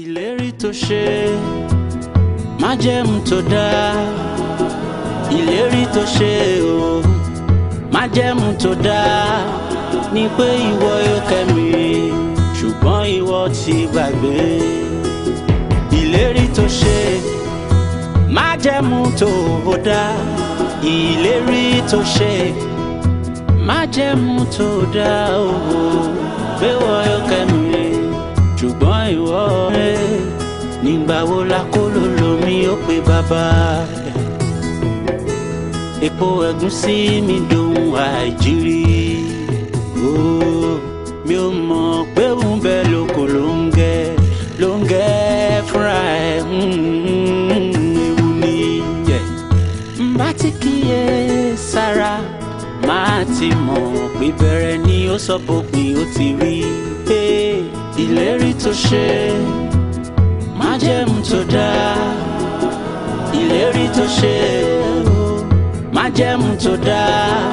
ìlérí tó ṣe májẹ̀mú tó dáa ìlérí tó ṣe o májẹ̀mú tó dáa ni pé ìwọ yóò kẹ́mi ṣùgbọ́n ìwọ ti gbàgbé ìlérí tó ṣe májẹ̀mú tó dáa ìlérí tó ṣe májẹ̀mú tó dáa o pé ìwọ yóò kẹ́mi ṣùgbọ́n ìwọ rẹ̀ nígbà la kó ló lomi ó pe bàbá epo ẹ̀gúsí mi dohun àìjírí mi ò mọ̀ pé òun bẹ lóko ló ń gẹ ló ń gẹ fúnra ẹ̀ hmm, ewu ni yẹ n bá ti kíyè sára máa ti mọ̀ pé bẹ̀rẹ̀ ni ó sọ fòpin ó ti rí ìlérí tó ṣe májẹ̀mú tó dáa ìlérí tó ṣe májẹ̀mú tó dáa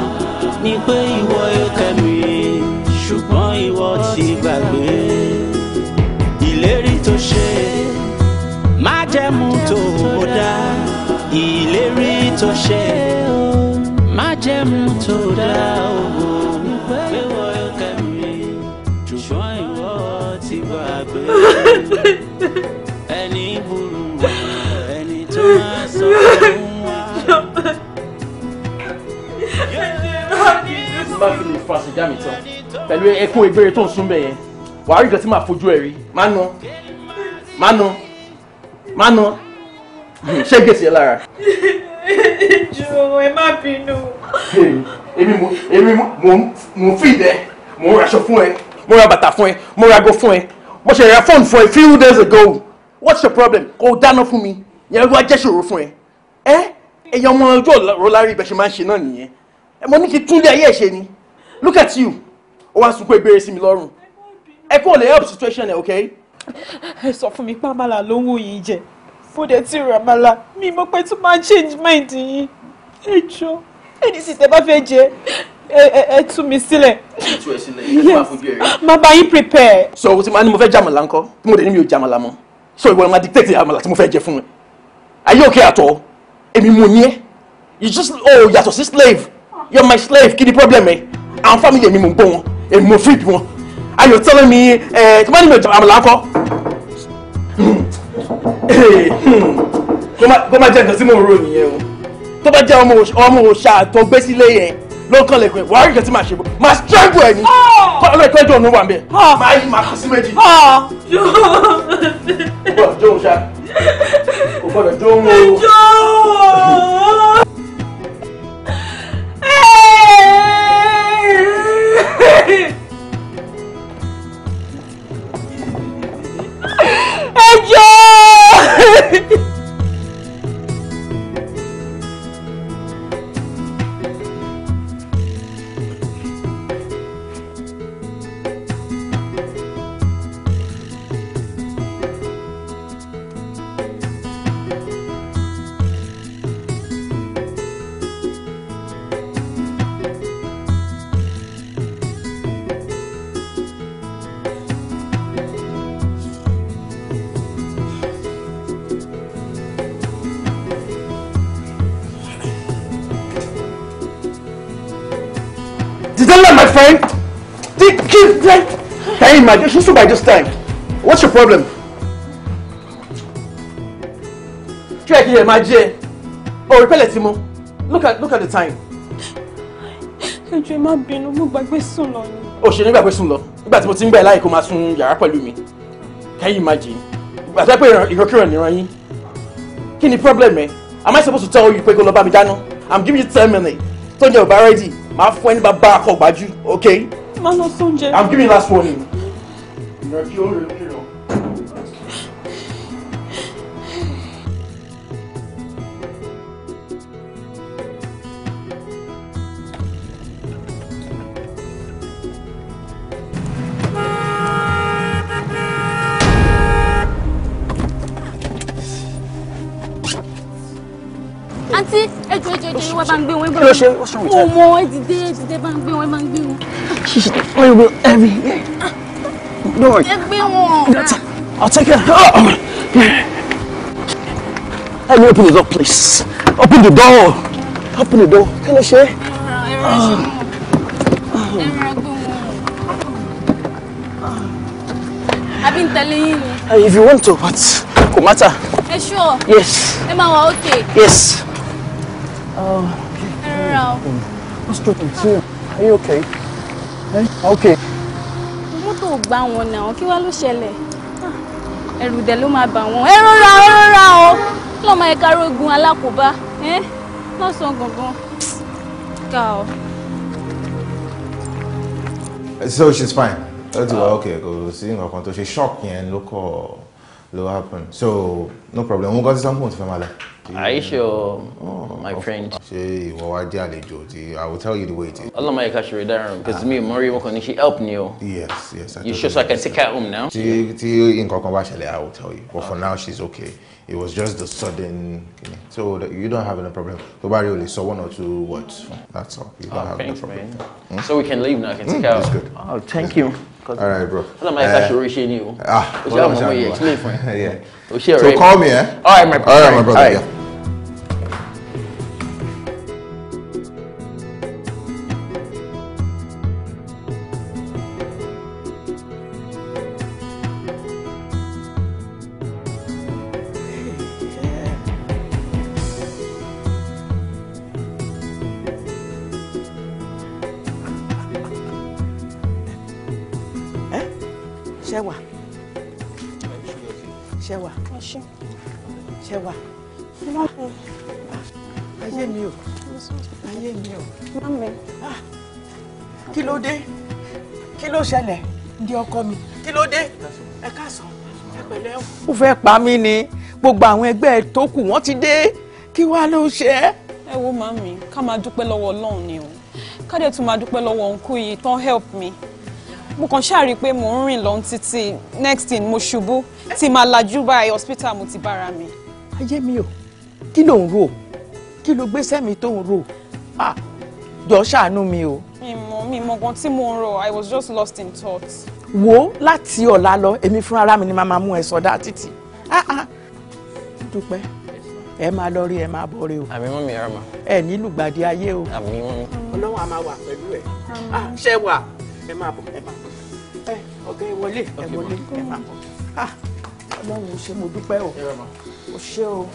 ni pé ìwọ yóò ṣùgbọ́n ìwọ ti gbàgbé ìlérí tó ṣe májẹ̀mú tó dáa ìlérí tó ṣe májẹ̀mú tó dáa o. ẹni burú ẹni tó máa sọ fún wa. má fi lè fa sìgá mi tán pẹ̀lú ẹkún ìbéèrè tó ń sún bẹ́ẹ̀ yẹn wàá rí nǹkan tí màá fojú ẹ̀ rí má nà má nà má nà ṣé gbèsè ẹ lára. jọ̀wọ́ ẹ má bínú. èmi mo èmi mo mo ń fi dẹ mo ń raṣọ fún ẹ mo ra bàtà fún ẹ mo ra ago fún ẹ mo ṣe ra phone for a few days ago what's your problem kò dáná fún mi yẹn wá jẹ́ ṣòro fún ẹ ẹ èèyàn ọmọ ojú ọ̀rọ̀ lárí ibẹ̀ ṣe máa ń ṣe náà nìyẹn ẹ mo ní kí túlẹ̀ ayé ẹ̀ ṣe ni look at you ó wá sunkún ìbéèrè sí mi lọ́rùn ẹ kò lè help situation ẹ ok. ẹ sọ fún mi pé àmàlà ló ń wù yín jẹ mo dẹ̀ ti rà àmàlà mi mo pẹ́ tún máa change mind yín ẹ jọ ẹni sì tẹ́ bá fẹ́ jẹ ẹ mi sílẹ̀. ẹ ẹ sílẹ̀ ẹ máa fojú ẹ rí. má bá yín prepare. sọ o ti máa ní mo fẹ́ jàmàlà ńkọ́ bí mo dé ní mi ò jàmàlà mọ́ sọ ìwọ ni máa dictate àmàlà tí mo fẹ́ jẹ fún mi. ayé òkè àtọ̀ èmi mo ní ẹ you just oh yàtọ̀ sí slave you're my slave kí ni problem ẹ àwọn family èmi mò ń gbọ́ wọn èmi mo feed wọn ayò tẹ́lẹ̀ mi ẹ tí mo ní mi ò jàmàlà ńkọ́ hmm. Hmm. Hmm. kó má jẹ́ nǹkan tí mo rò nìyẹn o tó bá jẹ́ ọmọ òṣà tó gbé sílé yẹn ló ń kàn lẹ́kọ̀ọ́ wàá rí nǹkan tí màá ṣe bọ́ màá strangle ẹ̀ ní kọ́lọ́ ìtọ́jú òun wà ń bẹ̀ ah! máa yí màá kú sí méjì. Ah! gbọ́dọ̀ jó òun ṣá kò gbọ́dọ̀ jó òun o. ẹjọ́. Didella, my friend! Didella! Hey, my dear, by this time. What's your problem? Try here, my dear. Oh, repel it, Timo. Look at, look at the time. Can you imagine má bínú, mo gbàgbé sùn Oh, ni. never ṣe ní gbàgbé sùn lọ. Nígbà tí mo ti ń gbà láì kó máa sun yàrá Can you imagine? Ìgbà tó yẹ pé ìrọ̀kìrọ̀ nìran yín. Kí ni problem ẹ? Am I supposed to tell you you kó lọ bá mi dáná? I'm giving you ten minutes. Don't ń jẹ ò máa fún ẹni bàbá akọgbájú ok. máa lọ sóúnjẹ. i'm giving last warning. ló ṣe ó ṣòwò ìtẹ́. ọmọ ẹ dìde ẹ dìde bá ń gbé wọn ẹ máa ń gbé wọn. wọ́n yóò gbé ẹ̀mí yẹn. ẹ gbé wọn. I'll take care. Oh, oh. Let me open the door, please. Open the door. Open the door. Can I share? I've been telling you. if you want to, but kò matter. Ẹ sure? Yes. Emma, okay. Yes. Oh. Rárá o. What's wrong with you? Are you okay? Eh? Okay. Mọ́tò gbá wọn náà, kí wá ló ṣẹlẹ̀? Ah, Ẹ̀rù dẹ̀ ló máa bà wọ́n. Ẹ rọra o, rọra o. Lọ́mọ ẹ̀ka rogun alákòóbá. Lọ́sàn-án gangan. Ká o. Eh, so she's fine. That's why okay, kò sí nǹkan kan tó ṣe shock yẹn ló kọ̀ ló happen. So no problem. Mo gbọ́ sí sample tí fẹ́ máa lọ. Aisha, oh, my friend. Ṣé ìwọ wá jẹ́ àlejò tí I will tell you the way it is. Ọlọ́mọ yìí ká ṣe because me mo rí wọn kàn ní ṣe help ni o. Yes, yes. I you sure so I can take care of him now? Tí tí nǹkan kan bá ṣẹlẹ̀, I will tell you. But for now, she's okay. It was just the sudden. So you don't have any problem. Tó bá rí o lè sọ one or two words. That's all. You don't oh, have any problem. Hmm? So we can leave now. I can take care. Hmm, her. That's good. Oh, thank you. All right, bro. Ọlọ́mọ yìí ká eh, ṣe oríṣi ni o. Oh. Ah, ọlọ́mọ Yeah. So call me, eh? All right, my brother. All right, my brother. All right. Yeah. ó fẹ́ pa mí ni gbogbo àwọn ẹgbẹ́ tó kù wọ́n ti dé kí wàá ló ṣe é. ẹ wo màmí ká máa dúpẹ́ lọ́wọ́ ọlọ́run ni o ká dẹ̀ tún máa dúpẹ́ lọ́wọ́ òǹkú yìí tán help me mo kàn ṣáà rí i pé mò ń rìn lọ títí next thing mo ṣubú tí màá lajú báyìí hospital mo ti bára mi. ayé mi o kí ló ń rò kí ló gbé sẹ́mi tó ń rò jọ ṣàánú mi o. mi mọ mi mọ gan tí mo ń rò i was just lost in thought wo láti ọ̀la lọ èmi fún ara mi ni màmá mú ẹ sọdá títì ah, ah. dúpẹ́ ẹ máa lọ rí ẹ máa bọ̀ rí o àmì mọ́mí ẹ rọ́mà ẹ nílùú ayé o àmì mọ́mí ọlọ́wọ́n a máa wà pẹ̀lú ẹ ah, ṣe wà ẹ máa bọ̀ ẹ máa bọ̀ ẹ ọ̀gá ẹ wọlé ẹ wọlé ẹ máa bọ̀ ọlọ́run ṣe mo dúpẹ́ o o o.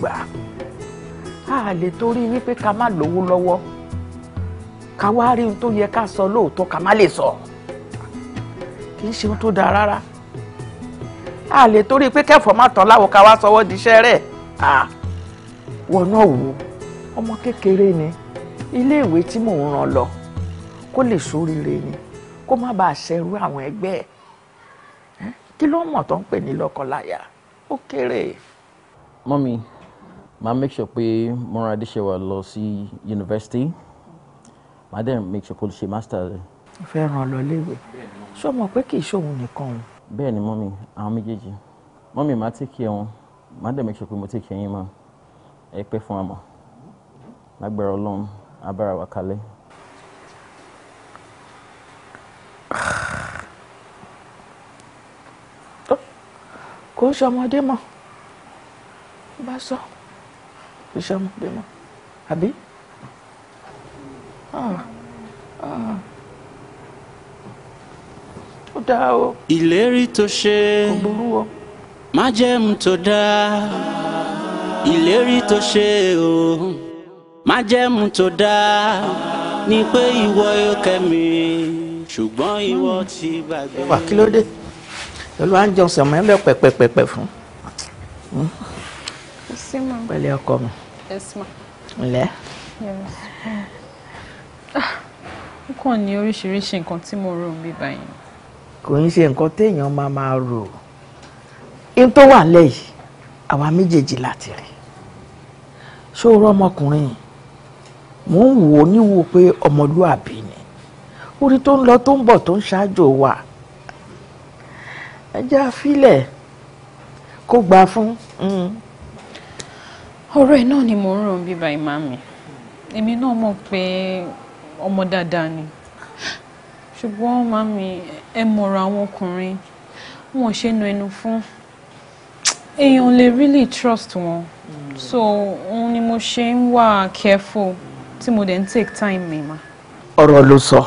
gbà á lè torí wípé ká má lówó lọ́wọ́ ká wá rí ohun tó yẹ ká sọ lóòótọ́ ká má lè sọ kì í ṣe ohun tó dáa rárá á lè torí pé kẹfọ́ má tán láwo ká wá sọwọ́ diṣẹ́ rẹ̀ à wọ́n náà wò ọmọ kékeré ni iléèwé tí mò ń ràn lọ kó lè ṣoríire ni kó má bàa ṣẹrú àwọn ẹgbẹ́ ẹ̀ kí ló mọ̀ tó ń pè ní lọ́kọláya ó kéré. mọ́mi máa make sure pé mọ́ra adéṣẹ́wà lọ sí yunifásitì máa dẹ̀ make sure kó ṣe master rẹ̀. o fẹ́ ràn lọ léwe ṣé o mọ̀ pé kì í ṣòwò nìkan o. ni mọ́mì àwọn méjèèjì mọ́mì máa take care wọn máa dẹ̀ make sure pé mo take care yín máa ẹ pẹ́ fún àmọ́ lágbára ọlọ́run abára wa kalẹ̀. kò ń ṣe ọmọdé mọ́ bá sọ. So fi ṣọmọ bímọ àbí. Ah, ah. ó dáa o. ìlérí tó ṣe májẹ̀mú tó dáa ìlérí tó ṣe o májẹ̀mú tó dáa ni pé ìwọ yóò kẹ́mi ṣùgbọ́n ìwọ ti gbàgbé. wà kí ló dé olùwà ń jẹun sẹ̀mọ́ ẹ̀ lọ pẹ̀pẹ̀pẹ̀pẹ̀ fún sí ma. pẹ̀lẹ́ ọkọ mi. yes ma. ǹlẹ́. yes. n ah, kàn ní oríṣiríṣi nǹkan tí mo rò bí báyìí. kò ń ṣe nǹkan téèyàn máa máa rò in tó wà lẹ́yìn àwa méjèèjì láti rí ṣòro ọmọkùnrin mò ń wò ó níwò pé ọmọlúàbí ni orí tó ń lọ tó ń bọ̀ tó ń ṣáájò wa ẹja filẹ̀ kó gbà fún mm ọ̀rọ̀ ẹ̀ náà ni mo ń ràn bíbá ìmá mi èmi náà mọ̀ pé ọmọ dáadáa ni ṣùgbọ́n màmí ẹ mọ̀rọ̀ àwọn ọkùnrin wọn ṣe nu ẹnu fún èèyàn lè really trust wọn so òun ni mo ṣe ń wà careful tí mo dẹ̀ ń take time mi ma. ọ̀rọ̀ ló sọ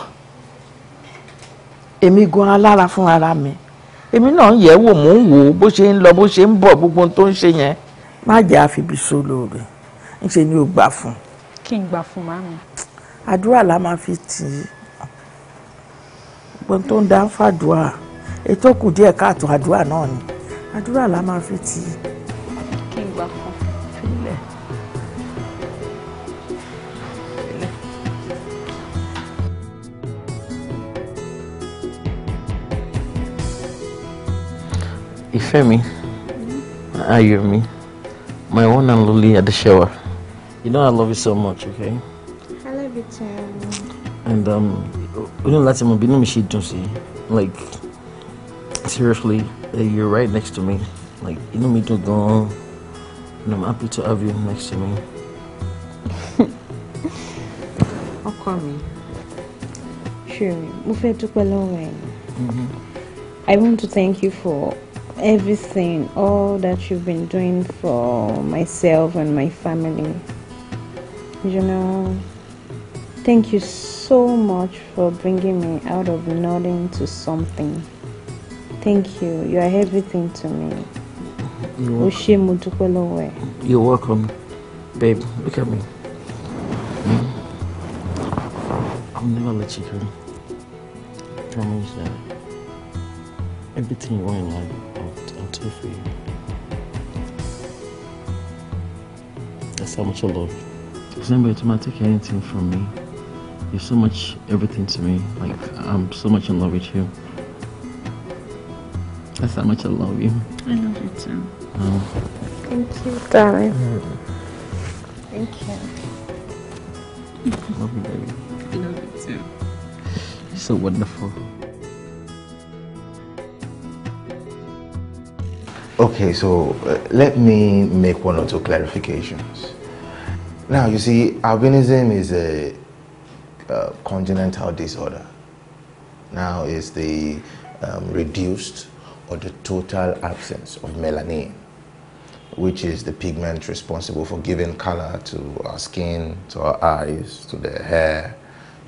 èmi gan alára fún ara mi èmi náà ń yẹ̀ wò mò ń wò ó bó ṣe ń lọ bó ṣe ń bọ̀ gbogbo ohun tó ń ṣe yẹn má jẹ́ àfibi sólóore ńṣe ni ó gbà fún. kí n gbà fún màmí. àdúrà la máa fi tì í gbọ́n tó ń dá fàdúrà ètò kù díẹ̀ káàtó àdúrà náà ni àdúrà la máa fi tì í. kí n gbà fún. filẹ̀. ìfẹ́ mi mm-hmm. ayọ̀ mi. my one and only at the shower. You know I love you so much, okay? I love you too. And um, you know last time I've been she don't see, like seriously, eh, you're right next to me. Like you know me to go, and I'm happy to have you next to me. Ọkọ sure, mo fẹ́ dúpẹ́ mm-hmm. want to thank you for everything, all that you've been doing for myself and my family. You know, thank you so much for bringing me out of nothing to something. Thank you. You are everything to me. You're, You're welcome, babe. Look at me. Hmm? I'll never let you go. promise that everything you want in life you. That's how much I love you. Does anybody take anything from me? You're so much everything to me. Like I'm so much in love with you. That's how much I love you. I love you too. Oh. Thank you, darling. Mm. Thank you. I love you, baby. I love you too. You're so wonderful. Okay, so uh, let me make one or two clarifications. Now, you see, albinism is a, a uh, congenital disorder. Now, it's the um, reduced or the total absence of melanin, which is the pigment responsible for giving color to our skin, to our eyes, to the hair,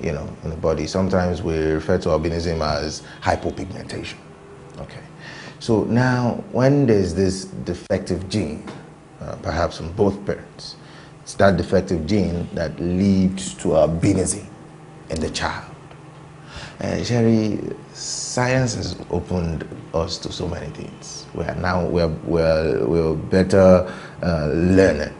you know, in the body. Sometimes we refer to albinism as hypopigmentation. Okay. So now, when there's this defective gene, uh, perhaps from both parents, it's that defective gene that leads to albinism in the child. Uh, Sherry, science has opened us to so many things. We are now we are, we are, we are better uh, learned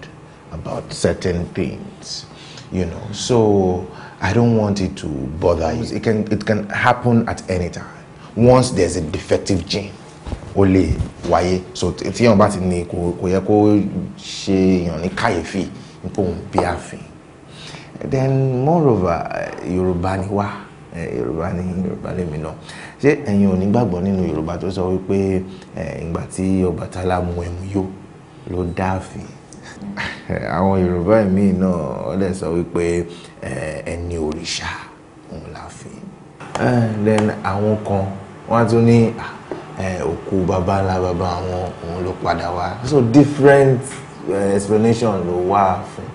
about certain things, you know. So I don't want it to bother you. It can it can happen at any time once there's a defective gene. ó lè wáyé so tí èèyàn bá ti ní kò yẹ kó ṣe èèyàn ní kàyéfì nípò òun bí ààfin then moreover yorùbá ni wá yorùbá ní yorùbá lèmi náà ṣé ẹ̀yin ò ní gbàgbọ́ nínú yorùbá tó sọ wípé ìgbà tí Ọbàtálá mu ẹmu yó ló dáàfin àwọn yorùbá míì náà wọ́n sọ wípé ẹni òrìṣà òun láàfin then àwọn kan wọ́n á tún ní ah, òkú bàbá ńlá bàbá àwọn òun ló padà wá so different uh, explanation ló wà fún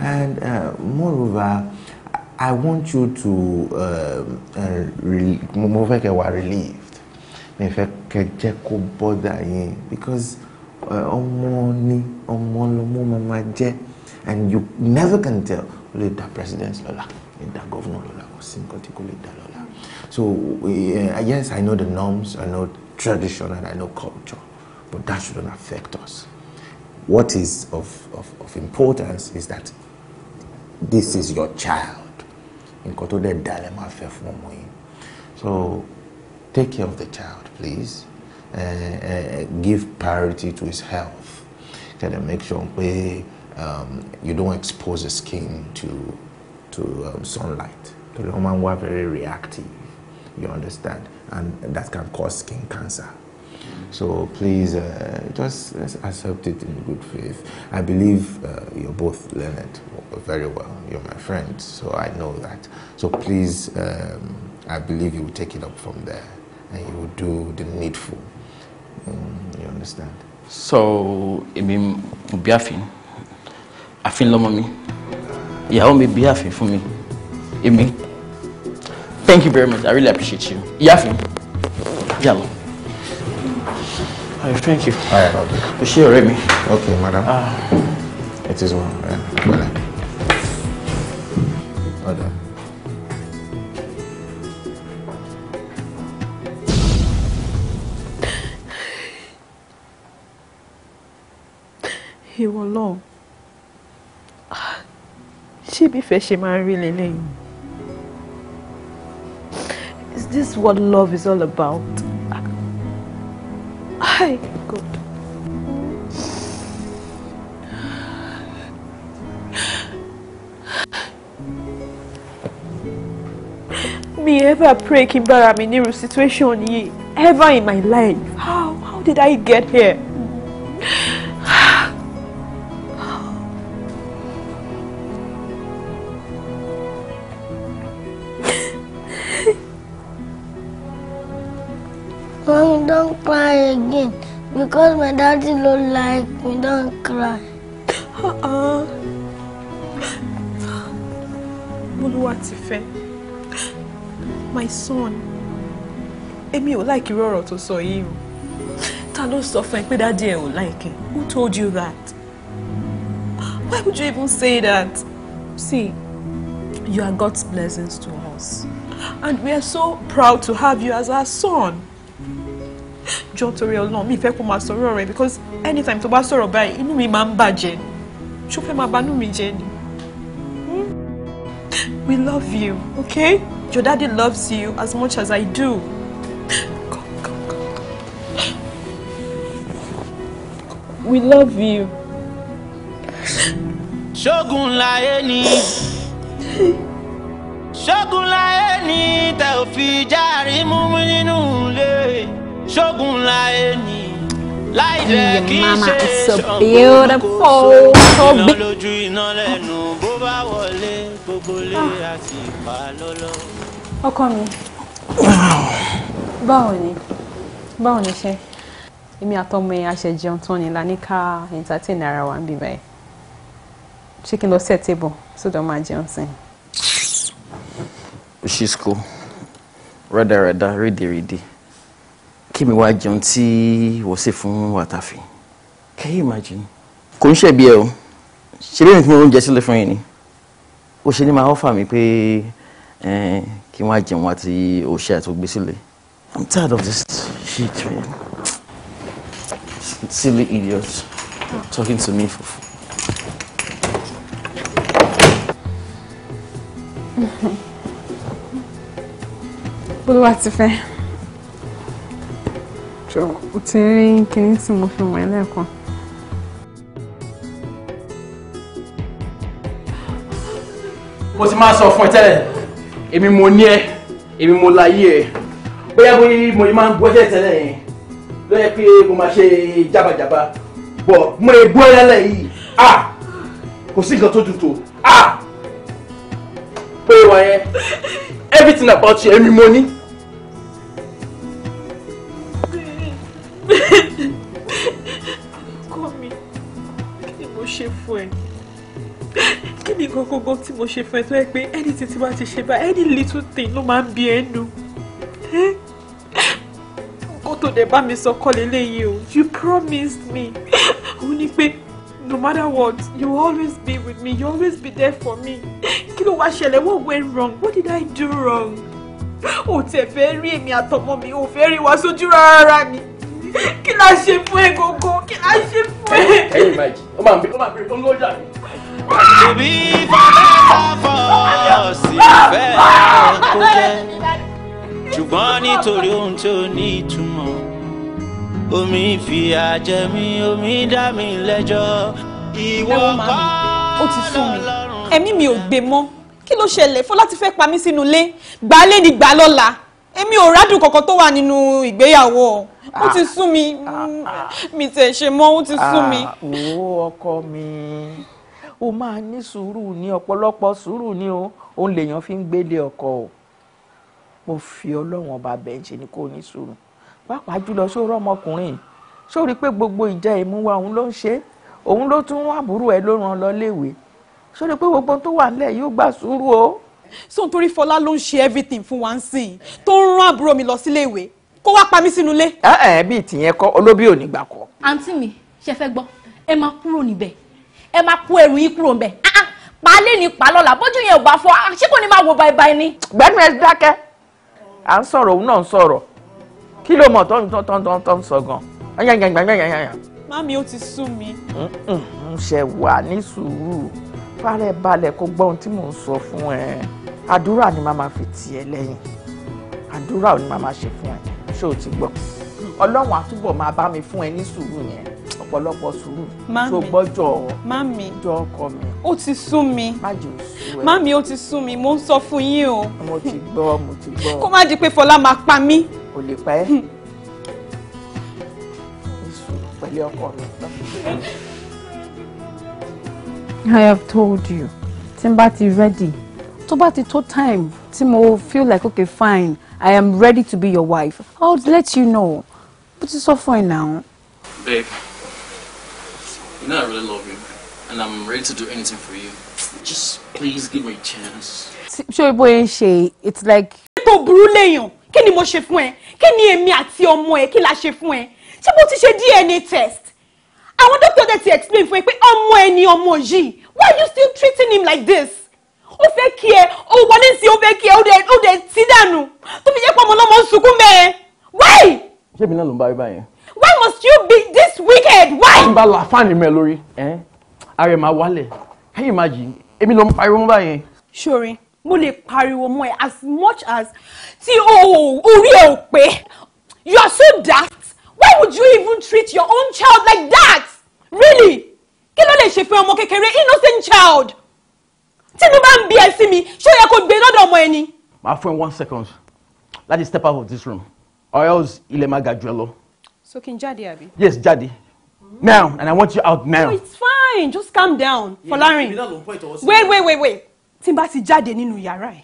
and uh, moreover I want you to mo fẹ́ kẹ́ wá relieved mi fẹ́ kẹ́ jẹ́ kó bọ́dà yín because ọmọ ni ọmọ lọmọ mama jẹ́ and you never can tell ó lè da president lọ́la ó lè da governor lọ́la kò sí nǹkan tí kò lè da lọ́la so uh, yes I know the norms I know. The, tradition and I know culture, but that shouldn't affect us. What is of, of, of importance is that this is your child. Nǹkan tó dẹ̀ dalẹ̀ máa So take care of the child please. Uh, uh, give priority to his health. Kind of make sure we um, you don't expose the skin to to um, sunlight. The Roman máa very reactive. You understand? and that can cause skin cancer. So please uh, just accept it in good faith. I believe uh, you're both learned very well. You're my friend, so I know that. So please, um, I believe you will take it up from there and you will do the needful. Um, you understand? So, èmi bí I feel lọ́mọ mi, me mi bí for me. mi, èmi. Thank you very much. I really appreciate you. Ìyáàfin. Yà lọ. thank you. Alright, okay. O ṣé ọ̀rẹ́ mi. Okay, madam. Ah. It is well. Pẹ̀lẹ́. Ọ̀dà. Ìwọ lọ. Ah, ṣé bí ìfẹ́ ṣe máa ń really lélẹ́yìn? this what love is all about? I God. Me ever pray Kimbara Miniru situation ye ever in my life. How how did I get here? because my daddy don't like me, don't cry. Uh-uh. Bólúwatifẹ́, my son, èmi will like irú ọ̀rọ̀ tó sọ yìí o. Ta ló sọ daddy will like him. Who told you that? Why would you even say that? See, you are God's blessings to us. And we are so proud to have you as our son jọ́ torí ọlọ́run mi fẹ́ kó máa sọ̀rọ̀ rẹ̀ because anytime tó bá sọ̀rọ̀ báyìí inú mi máa ń bàjẹ́ ṣó fẹ́ máa banú mi jẹ́ ni. Hmm? we love you okay your daddy loves you as much as I do. we love you. ṣógun láyé ni ṣógun láyé ni tẹ̀ ò fi járe mú nínú ilé ṣógun láyé ni láì jẹ́ kí n ṣe ṣọ̀gbọ́n kò sóyún iná lójú iná lẹ́nu bó bá wọlé gbogbo lé àti ah. pa lọ́lọ́. ọkọ mi báwo ni báwo ni ṣe èmi àtọmọ ẹ àṣẹjẹun tán ni laníkà entertain ara wa ń bí báyìí ṣé kí n lọ sí ẹ table sódò máa jẹun sí i. she's cool rẹ́dàrẹ́dà rédèrèdè kí mi wá jẹun tí wọ́n ṣe fún wàtàfin can you imagine. kò ń ṣẹ̀bi ẹ o ṣe lè fi oúnjẹ sílẹ̀ fún yín ni ó ṣe ní máa ọ́fà mi pé kí wọ́n á jẹun àti òṣè àti ògbé sílẹ̀ I'm tired of this shit man silly idiot talking to me for food. Bolo wa ti fẹ́ jọ o ti rí kinní tí mo fi wọ̀n lẹ́ẹ̀kan. mo ti máa sọ fún ẹ tẹ́lẹ̀ èmi mo ní ẹ èmi mo láyé ẹ bóyá bí mo yìí máa ń gbọ́jẹ́ tẹ́lẹ̀ yẹn ló yẹ pé mo máa ṣe jábàjábà ah kò sí nǹkan tó dùn ah pé wà everything about you èmi mo kọ́ mi kí ni mo ṣe fún ẹ kí ni gbogbogbò tí mo ṣe fún ẹ tó yẹ pé ẹni títí wá ti ṣe bá any little thing ló máa ń bí ẹnu kó tó dẹ̀ bá mi sọ kọ́ leléyìí o you promised me ó ní pé no matter what you will always be with me you will always be there for me kí ló wá ṣẹlẹ̀ what went wrong what did I do wrong o tẹ̀ fẹ́ rí èmi àtọmọ mi o fẹ́ rí wa sójú rárá ni kí la ṣe fún ẹ gógó kí la ṣe fún ẹ. ẹyin máa jì ó máa ń bẹ ó máa ń bẹ ó ń lọ́jà mi. òbí fọlẹ́ta fọ sí fẹ́ kó jẹ́ ṣùgbọ́n nítorí ohun tó ní ìtumọ̀ omi fìyà jẹ mí omi dá mi lẹ́jọ́ ìwọ kọ́ ó ti sún mi ẹ̀mí mi ò gbé mọ́ kí ló ṣẹlẹ̀ Fọlá ti fẹ́ pa mí sínú ilé gbà á lé ní gbà á lọ́la èmi ò rádùn kankan tó wà nínú ìgbéyàwó ó ti sú mi ah, ah, ah. mi tẹ̀ ṣe mọ́ ó ti sú mi. owó ọkọ mi o máa ní sùúrù ní ọ̀pọ̀lọpọ̀ sùúrù ni o òun lèèyàn fi ń gbélé ọkọ o mo fi ọlọ́run ọba bẹ́ẹ̀ ni kò ní sùúrù pàápàá jùlọ sórí ọmọkùnrin ṣó rí i pé gbogbo ìjà ìmúwa òun ló ń ṣe òun ló tún àbúrò ẹ ló ràn lọ léèwé ṣó pé gbogbo tó wà nílẹ̀ yóò gbà sùúrù o so nítorí Fọlá ló ń ṣe everything fún wa ń sìn tó ń rán àbúrò mi lọ sílé ìwé kó wá pa mí sínú ilé. ẹ ẹ bíi tìyẹn kọ olóbì ò ní gbà kọ. àǹtí mi ṣe fẹ́ gbọ́ ẹ máa kúrò níbẹ̀ ẹ máa kó ẹrù yín kúrò níbẹ̀ ah, ah, pàálé ni pàálọ́là bójú yẹn ò bá fọ ah, ṣé kò ní máa wo báyìí báyìí ni. gbẹ́nu ẹ dákẹ́ à ń sọ̀rọ̀ òun náà ń sọ̀rọ̀ kí ló mọ̀ tọ́ntọ́ntọ́ntọ́ ń sọ gan-an. mami ó ti sú mi. ń ṣe wà ní fárẹ̀ balẹ̀ kó gbọ́ ohun tí mò ń sọ fún ẹ àdúrà ni màá máa fi tì ẹ́ lẹ́yìn àdúrà ni màá máa ṣe fún ẹ ṣé o ti gbọ́ ọlọ́run àtúbọ̀ máa bá mi fún ẹ ní sùúrù yẹn ọ̀pọ̀lọpọ̀ sùúrù tó gbọ́jọ jọ ọkọ mi. O ti sún mi mami o ti sún mi mo ń sọ fún yín o. mo ti gbọ́ mo ti gbọ́. kó má di pé Fọlá máa pa mí. kò lè pa ẹ́ pẹ̀lú ọkọ mi. I have told you tí ti ready tó bá ti tó time tí feel like okay fine I am ready to be your wife I'll let you know But it's so fine now, Babe, you know I really love you and I'm ready to do anything for you just please give me a chance. Show ibo yẹn she. it's like. ipò burú lèèyàn kí mo ṣe fún ẹ kí ni èmi àti ọmọ ẹ kí ti ṣe DNA test àwọn dókítà dẹ̀ ti explain fún ẹ pé ọmọ ẹ ọmọ yìí why you still treating him like this ó fẹ́ kí ẹ ó wọlé sí ó fẹ́ kí ẹ ó dẹ̀ ó dẹ̀ tí dànù tó fi jẹ́ pé ọmọ ọlọ́mọ ń sunkún mẹ́ẹ̀ why. ṣé mi náà ló ń bá rí báyẹn. why must you be this wicked why. n bá la fáànì mẹ lórí ara ẹ máa wálẹ̀ ẹ̀yìn máa jì èmi ló ń pariwo mọ́ báyẹn. ṣorin mo lè pariwo mọ́ ẹ as much as tí orí ẹ ò pé you are so daft why would you even treat your own child like that really kí ló lè ṣe fún ọmọ kékeré innocent child tínú bá ń bí ẹ sí mi ṣé ó yẹ kó gbé lọ́dọ̀ ọmọ ẹni. my friend one second Let me step out of this room or else ilẹ̀ máa ga jù ẹ lọ. so kí n jáde àbí. yes jáde now and i want you out now. no it's fine just calm down yeah, Folarin wait wait wait wait tí n bá ti jáde nínú yàrá ẹ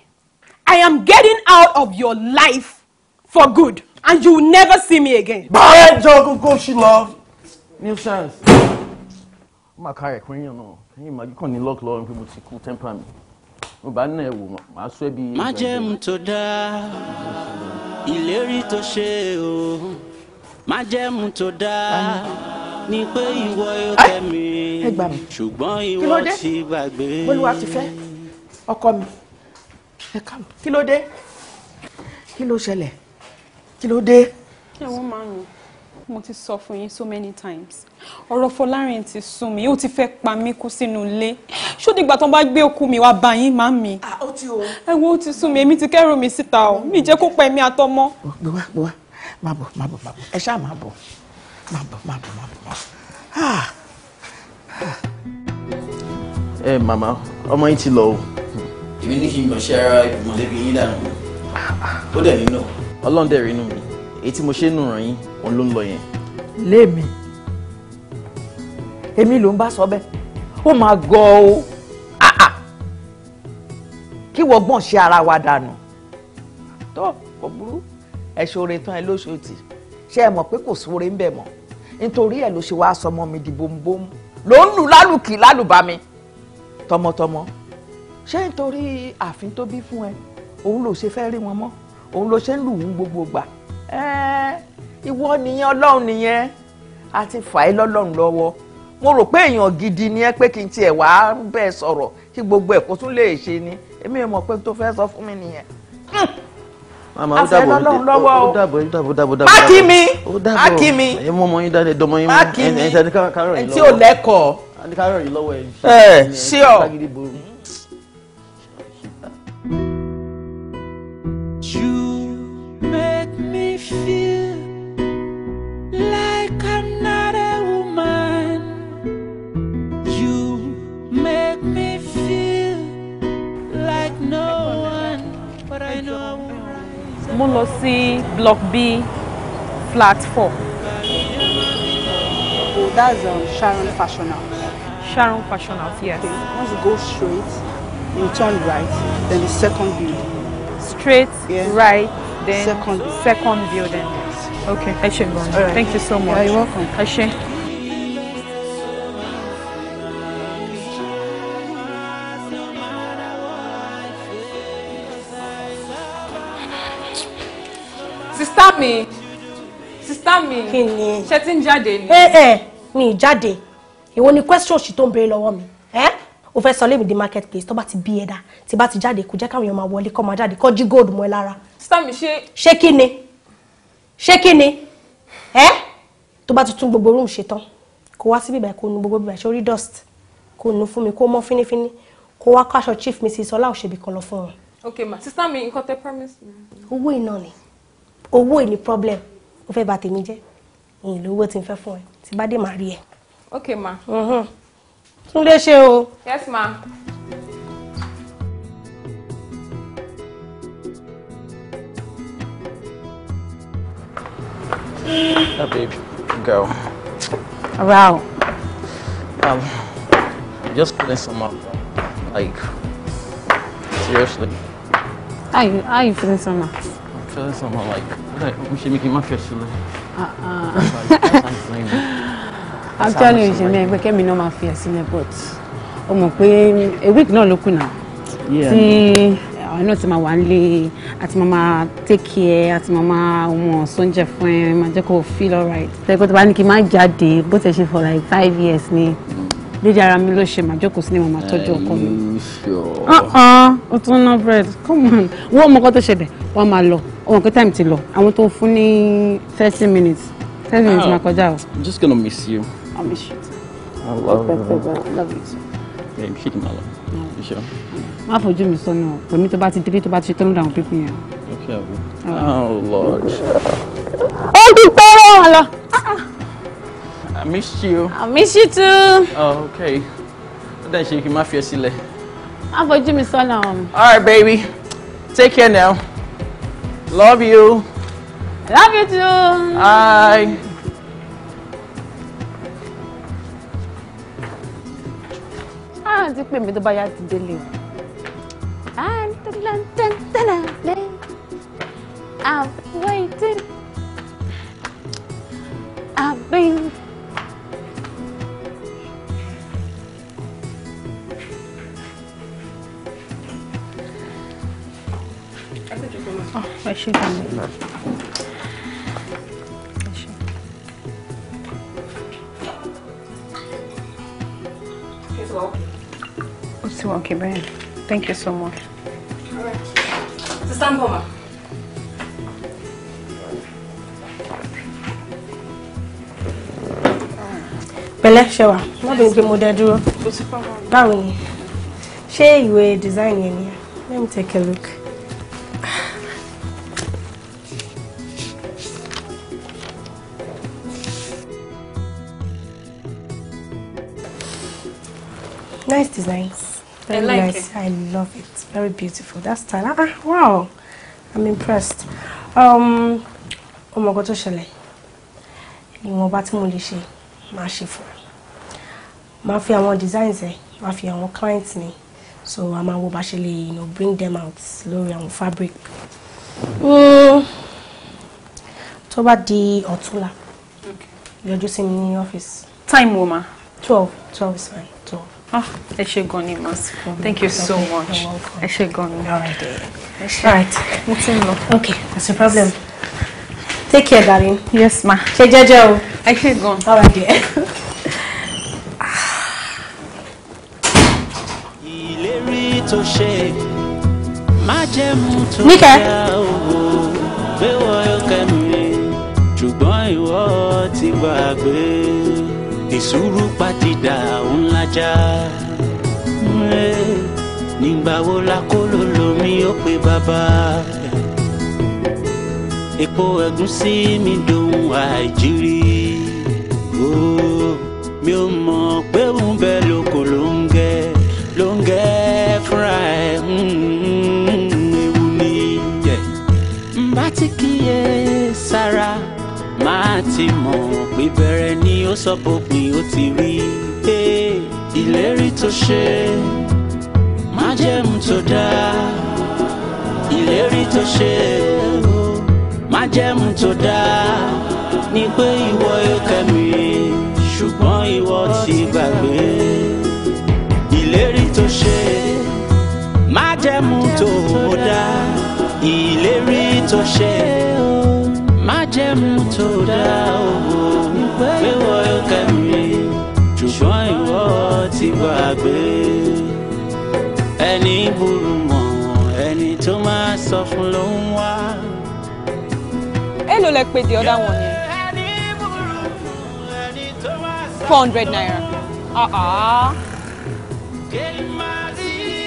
i am getting out of your life for good and you will never see me again. báyẹ̀ jọ gbogbo ṣì lọ new sense. ó máa kára ẹ̀kọ́ yẹn náà ẹ̀yìn màgí kàn ní lọ́ọ̀kì lọ́rùn pé mo ti kú temper mi mo bá náà wò màá sọ ẹbí. má jẹun tó dáa ìlérí tó ṣe o má jẹun tó dáa ni pé ìwọ yóò tẹ̀mí ṣùgbọ́n ìwọ ti gbàgbé. bólúwa ti fẹ́ ọkọ mi ẹ káàmù kí ló dé kí ló ṣẹlẹ̀ kí ló dé. ẹ wọ́n máa ń mo ti sọ fún yín so many times ọ̀rọ̀ Fọlárin ti sún mi ó ti fẹ́ pa mí kú sínú ilé ṣó dìgbà tó bá gbé òkú mi wá bá yín má mi. ó ti o. ẹ wo ó ti sún mi èmi ti kẹ́rù mi síta o mi jẹ́ kó pa èmi àtọmọ. gbé wá gbé wá má bọ̀ má bọ̀ má bọ̀ ẹ ṣáà má bọ̀ má bọ̀ má bọ̀ má bọ̀. Ah! ẹ màmá ọmọ yín ti lọ o. èmi ní kí n yàn ṣe ara ìmọ̀lẹ́bí yín dànù ó dẹ̀ nínú ọlọ́run dẹ̀ rí inú mi èyí tí mo ṣe nù ràn yín òun ló ń lọ yẹn. lémi èmi ló ń bá sọ bẹ́ẹ̀ ó máa gọ̀ o kí wọ́n gbọ̀n ṣe ara wa dànù tó kò burú ẹ̀ṣọ́re tán ẹ lóṣooṣì ṣé ẹ mọ̀ pé kò sóore ń bẹ̀ mọ́ nítorí ẹ̀ ló ṣe wá sọmọ mi di bóńbóń ló ń lù lálùkì lálùbami tọmọtọmọ ṣé nítorí ààfin tó bí fún ẹ òun ló ṣe fẹ́ rí wọn mọ́ òun ló ṣe ń lù wú gbogbo gbà ìwọ nìyẹn ọlọ́run nìyẹn a ti fà é lọ́lọ́run lọ́wọ́ mo rò pé èèyàn gidi ni ẹ pé kí n tiẹ̀ wá bẹ́ẹ̀ sọ̀rọ̀ kí gbogbo ẹ̀ kó tún lè ṣe ni èmi ò mọ̀ pé tó fẹ́ sọ fún mi nìyẹn. Màmá ó dàbọ̀ ó dàbọ̀ ó dàbọ̀ dàbọ̀ dàbọ̀. Ákí mi ákí mi ẹ mọ ọmọ yín dání dọmọ yín mú ẹni tí ó lẹ́kọ̀ọ́. Ẹni tí ó lẹ́kọ̀ọ́. Ẹ ṣí ọ. mo lọ sí block B flat four. Oh, that's um, Sharon Fashion House. Sharon Fashion House, yes. Okay. Once you go straight, you turn right, then the second building. Straight, yes. right, Then second, second building. Okay, ẹ right. Thank you so much. Yeah, you're welcome. Ẹ Sister me, sister me. kí ni? Ṣé ti ń jáde ni? Ẹ eh, ẹ eh. ni question she tó ń béèrè lọ́wọ́ mi? Eh? o fẹ́ sọ lémi di market place tó bá ti bí ẹ dá tí bá ti jáde kó jẹ́ káwọn èèyàn máa wọlé kó máa jáde kó jí gold mọ́ ẹ lára. sísá mi ṣe. ṣé kí ni ṣé kí ni ẹ tó bá ti tún gbogbo room ṣe tán kó wá sí bíbá kó nu gbogbo bíbá ṣe orí dust kó nu fún mi kó mọ́ fínífíní kó wá kó aṣọ chief mrs ọláòṣèbí kan lọ fún wọn. ok ma sísá mi nǹkan tẹ promise mi. owó iná ni owó ìní problem ó fẹ́ bà tèmi jẹ́ ìyìn lówó tí fún ẹ tí bá dé màá rí ẹ. ok ma. Mm-hmm. Túndé ṣe o. yes ma. That ah, babe, go. Wow. Um, just putting some up. Like, seriously. How you, how you feeling so much? I'm feeling somehow like, like, we should make him my fish. Uh-uh. That's like, that's actually ìṣẹ̀lẹ̀ ẹgbẹ́ kẹ́mi náà máa fi ẹ̀sìn airport o mọ̀ pé a week náà ló kù náà tí eh, àwọn náà ti máa wà nílé àti máa máa take care àti máa máa ọmọ sóúnjẹ fún ẹ máa jẹ́ kó feel alright. tẹ́kọ̀ tó bá ní kí n má jáde bó tẹ̀ ṣe for like five years ni lójú ara mi ló ṣe máa jókòó sí ni màmá tọ́jú ọkọ mi. Uh-uh, o tún ná bread come on wọ́n mọ́kọ́ tó ṣẹlẹ̀ wọ́n máa lọ ọmọ pé time ti lọ àwọn tó fún ní thirty minutes thirty minutes máa kọjá o. I'm just gonna miss you. I miss you. I love you. I love you too. Yeah, you my love. You sure? Má for mi sọ́nà o. Kò ní tó bá ti délé tó bá ti ṣe tọ́lọ́dà àwọn pípín yẹn. Okay, Oh, Lord. Oh, ti tọ́rọ wọn lọ. I miss you. I miss you too. Oh, okay. Ó dẹ̀ ṣe kí n má fi ẹ sílẹ̀. Má fojú mi All right, baby. Take care now. Love you. Love you too. Bye. náà ti pè mí tó bá yá ti délé o. I'm waiting. I've been. Oh, I should come. ti wà òkè thank you so much. sísá ń bọ̀ mà. pẹ̀lẹ́ ṣẹwà má bẹ gbé mo dẹ dúró báwo ni ṣé ìwé design yẹn let me take a look. Nice designs. Very I like nice. It. I love it. Very beautiful. That style. Ah, wow. I'm impressed. Um, oh my God, ṣẹlẹ̀. you tí mo lè ṣe, màá ṣe fún. Màá fi designs ẹ̀, màá fi clients mi. So I'm máa wo bá you know, bring them out lórí àwọn fabric. Hmm, tó bá di ọ̀túnla, You're just in the office. Time woman. 12. 12 is fine. 12. Ah, ẹ ṣé Thank you so much. Ẹ ṣé gan ni. All right. Okay, that's a problem. Take care, darling. Yes, ma. Ṣe jẹ́jẹ́ o. Ẹ ṣé gan. All right, dear. Ìlérí tó ṣe má jẹ́ mú tó yá owó gbé wọ́n yóò kẹ́mi ṣùgbọ́n ìwọ ti gbàgbé tètè sùúrù pàtìdà òun lájà. nígbà wo la kó lomi ó pe bàbá. epo ẹ̀gúsí mi dohun àìjírí. mi ò mọ̀ pé òun bẹ lóko ló ń gẹ́ ló ń gẹ́ fúnra ẹ̀ mm-hmm, ewu ni. n bá ti kíyè sára máa ti mọ̀ pé sọ pópin ó ti rí pé ìlérí tó ṣe májẹ̀mú tó dáa ìlérí tó ṣe májẹ̀mú tó dáa ni pé ìwọ yóò kẹ́mi ṣùgbọ́n ìwọ ti gbàgbé ìlérí tó ṣe májẹ̀mú tó dáa ìlérí tó ṣe májẹ̀mú tó dáa o pé wọ́n yóò kẹ́mi ṣùgbọ́n ìwọ ti gbàgbé ẹni burú mọ́ ẹni tó máa sọ fún ló ń wá. èló lẹ pè the other one yẹn four hundred naira ah, ah.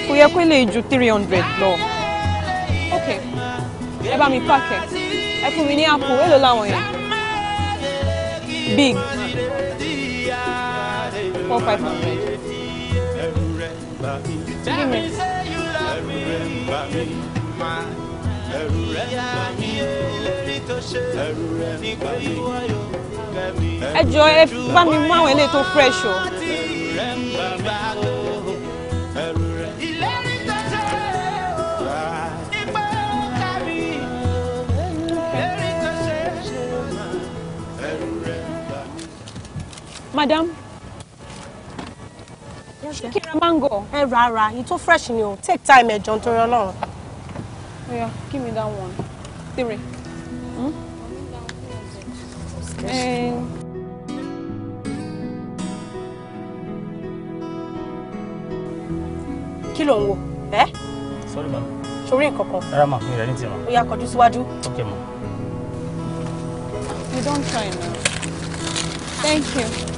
kò yẹ kó lè ju three hundred lọ ok ẹ bá mi pààkì ẹ fún mi ní àpò èló làwọn yẹn big four five hundred. ẹrù rẹ bá mi ìlérí tó ṣe ẹrù rẹ nígbà ìwọ yóò ẹ jọ ẹ bá mi mú àwọn eléyìí tó fresh o. madam ṣé kí n ra mango. ẹ ra ara yìí tó fresh ni o take time ẹ jọ̀ọ́ nítorí Ọlọ́run. oya give me that one three. Hmm? Um, kí ló ń wò ẹ. Eh? sorry ma. sori nkankan. rárá ma mi rẹ ní tiẹ̀ ma. ó kọjú síwájú. ok ma. you don try now. thank you.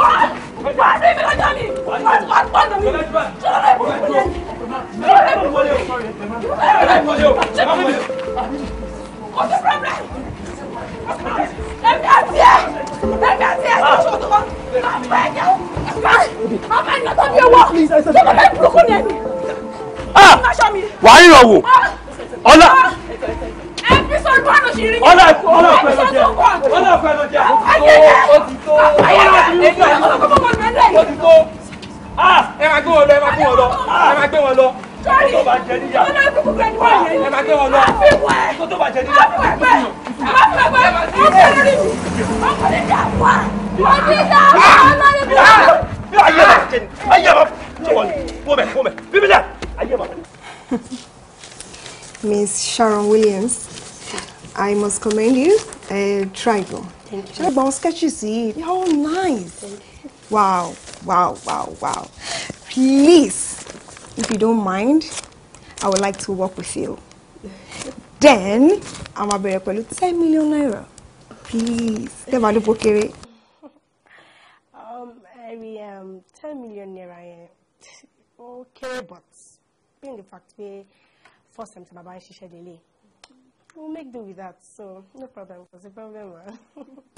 wàá yàn wò ọlá ọlá ọlá ọpẹ lọ jẹ ọlá ọpẹ lọ jẹ ó ti tó ó ti tó ẹ máa gbé wọn lọ ẹ máa gbé wọn lọ ẹ máa gbé wọn lọ ọtọ bá jẹ níyà. Sharon Williams. I must commend you. A try Thank you. Try bounce see, They're all nice. Wow, wow, wow, wow. Please, if you don't mind, I would like to work with you. Then, I'm a very 10 million naira. Please. Tẹ́ bá ló bó bàbá ń we'll make do with that so no problem kò problem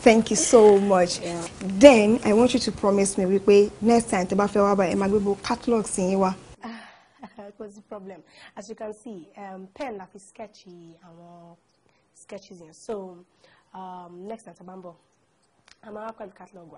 thank you so much yeah. then i want you to promise me wípé next time tẹ́ bá fẹ́ wá báyìí ẹ máa gbé bo catalog sí yín wá. kò problem as you can see um, pen la fi sketch àwọn sketches yẹn so um, next time tẹ́ I'm out the catalog,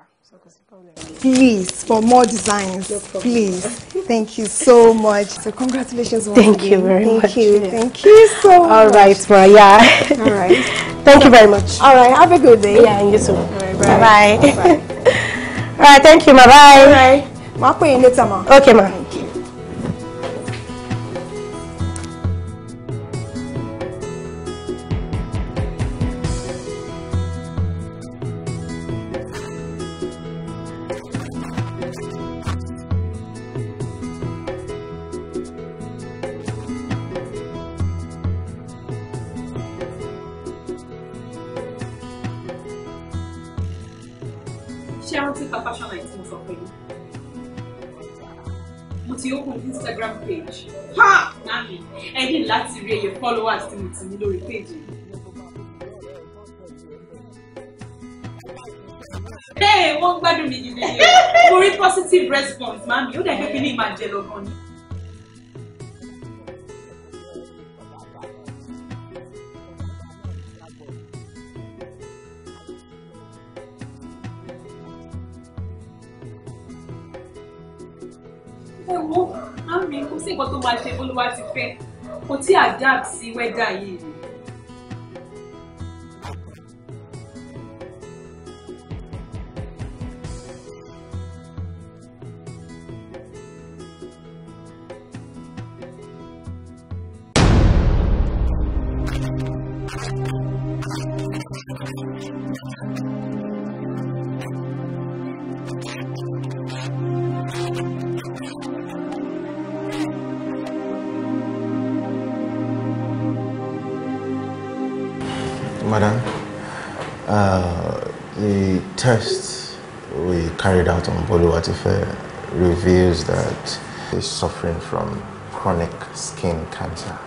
Please, for more designs, please. Thank you so much. So congratulations. Thank you very thank much. You. Yeah. Thank you so All much. right, Maria. All right. thank you very much. All right, have a good day. Yeah, and you too. bye. Bye. bye. All right, thank you, Bye. Bye. All right. Ma, you later, ma. Okay, ma. Thank you. wà tí mo ti ní lórí péjì. bẹ́ẹ̀ wọ́n gbádùn mi nílé yẹn mo rí positive response màmí ó dẹ̀ pé ní ìmọ̀ àjẹ lọ́kàn ni. ẹ wo àmì kò sí nǹkan tó máa ṣe bólúwa ti fẹ́ kò tí adapt sí weather yìí madam. Uh, the test we carried out on Boluwatife reveals that he's suffering from chronic skin cancer.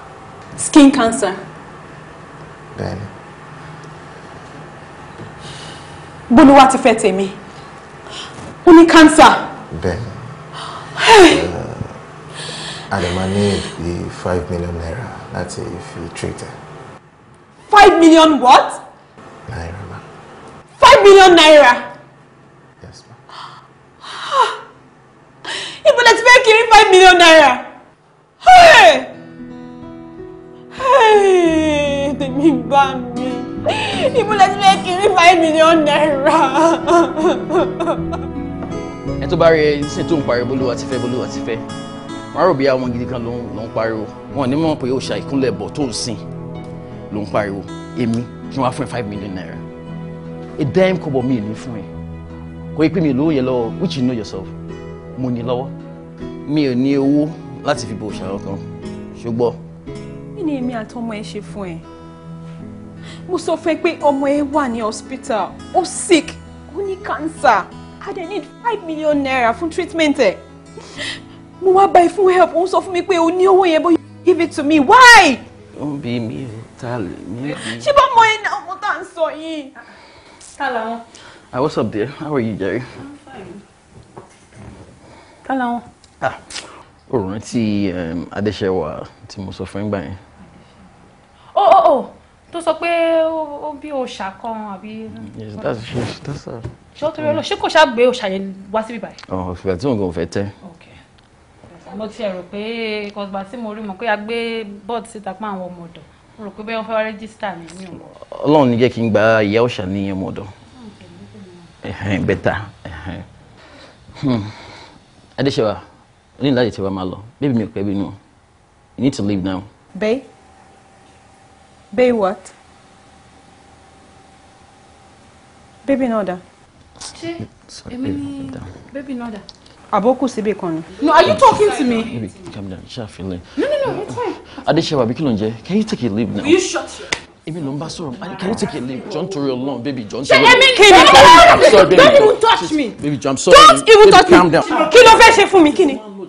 Skin cancer? Then. Boluwatife tèmi. Ó ní cancer. Then. Hey. Uh, Adamani, the five million naira. That's if you treat her. Five million what? Naira, ma'am. Five million naira? Yes, ma'am. Ibo lẹ ti fẹ́ kiri five million naira. Hey! Hey! Tèmi bá mi. Ibo lẹ ti fẹ́ kiri five million naira. Ẹ tó bá rí ẹ ṣe tó ń pariwo bolówó àti fẹ́ bolówó àti fẹ́. Wọ́n á rò bí àwọn gidi kan ló ń pariwo. Wọ́n ò ní mọ̀ pé ó ṣàìkúnlẹ̀ bọ̀ tó ń sìn ló ń pariwo èmi kí wọ́n á fún ẹ five million naira a dime kọ́bọ̀ mi ò ní fún ẹ kò yẹ pé mi lówó yẹ lọ́wọ́ which you know yourself mo ní lọ́wọ́ mi ò ní owó láti fi bo òṣàrò kan ṣùgbọ́n. kí ni èmi àtọmọ ẹ ṣe fún ẹ mo sọ fún ẹ pé ọmọ ẹ wà ní hospital ó sick ó ní cancer i dey need five million naira fún treatment ẹ mo wá bá fún help ó ń sọ fún mi pé o ní owó yẹn bó give it to me why ó ń bí mi ta lè mí bí. ṣé bá mọ iná ọmọ tá what's up there how are you jerry. I'm fine. ta làwọn. ah òòrùn tí um, adéṣẹwà tí mo sọ fún ìgbà yẹn. ó ó ó tó sọ pé ó bí òòṣà kan àbí. yes that's true that's all. ṣé ó torí ọlọ ṣé kò ṣáà gbé òòṣà yẹn wá síbí báyìí. ọ̀ oh, ìgbà tí òun kò fẹ́ tẹ́. ok mo ti rò pé kọgbà tí mo rí mọ̀ pé a gbé board síta pé àwọn ọmọ ọ̀dọ̀ mo rò pé bẹ́ẹ̀ wọ́n fẹ́ rẹ́gísítà mi ní òun. ọlọ́run ní jẹ́ kí n gba ìyá ọ̀sà ní ọmọ ọ̀dọ̀ bẹ́tà hmm. adéṣèwà o ní láti tẹ̀wá máa lọ bébí mi ò pẹ́ bínú you need to leave now. babe babe what baby náà dá. ṣé èmi ni baby náà dá àbókù síbi kan ni. no are you talking to me. baby calm down ṣe àfihàn. no no no it's fine. adesewa bí kí can you take a leave now. will you shut your. èmi ló ń bá can you take a leave john torí ọlọ́run baby john torí ọlọ́run. ṣe èmi don't even touch me. baby john i'm sorry. don't even touch me. calm down. kí ló ṣe fún mi kí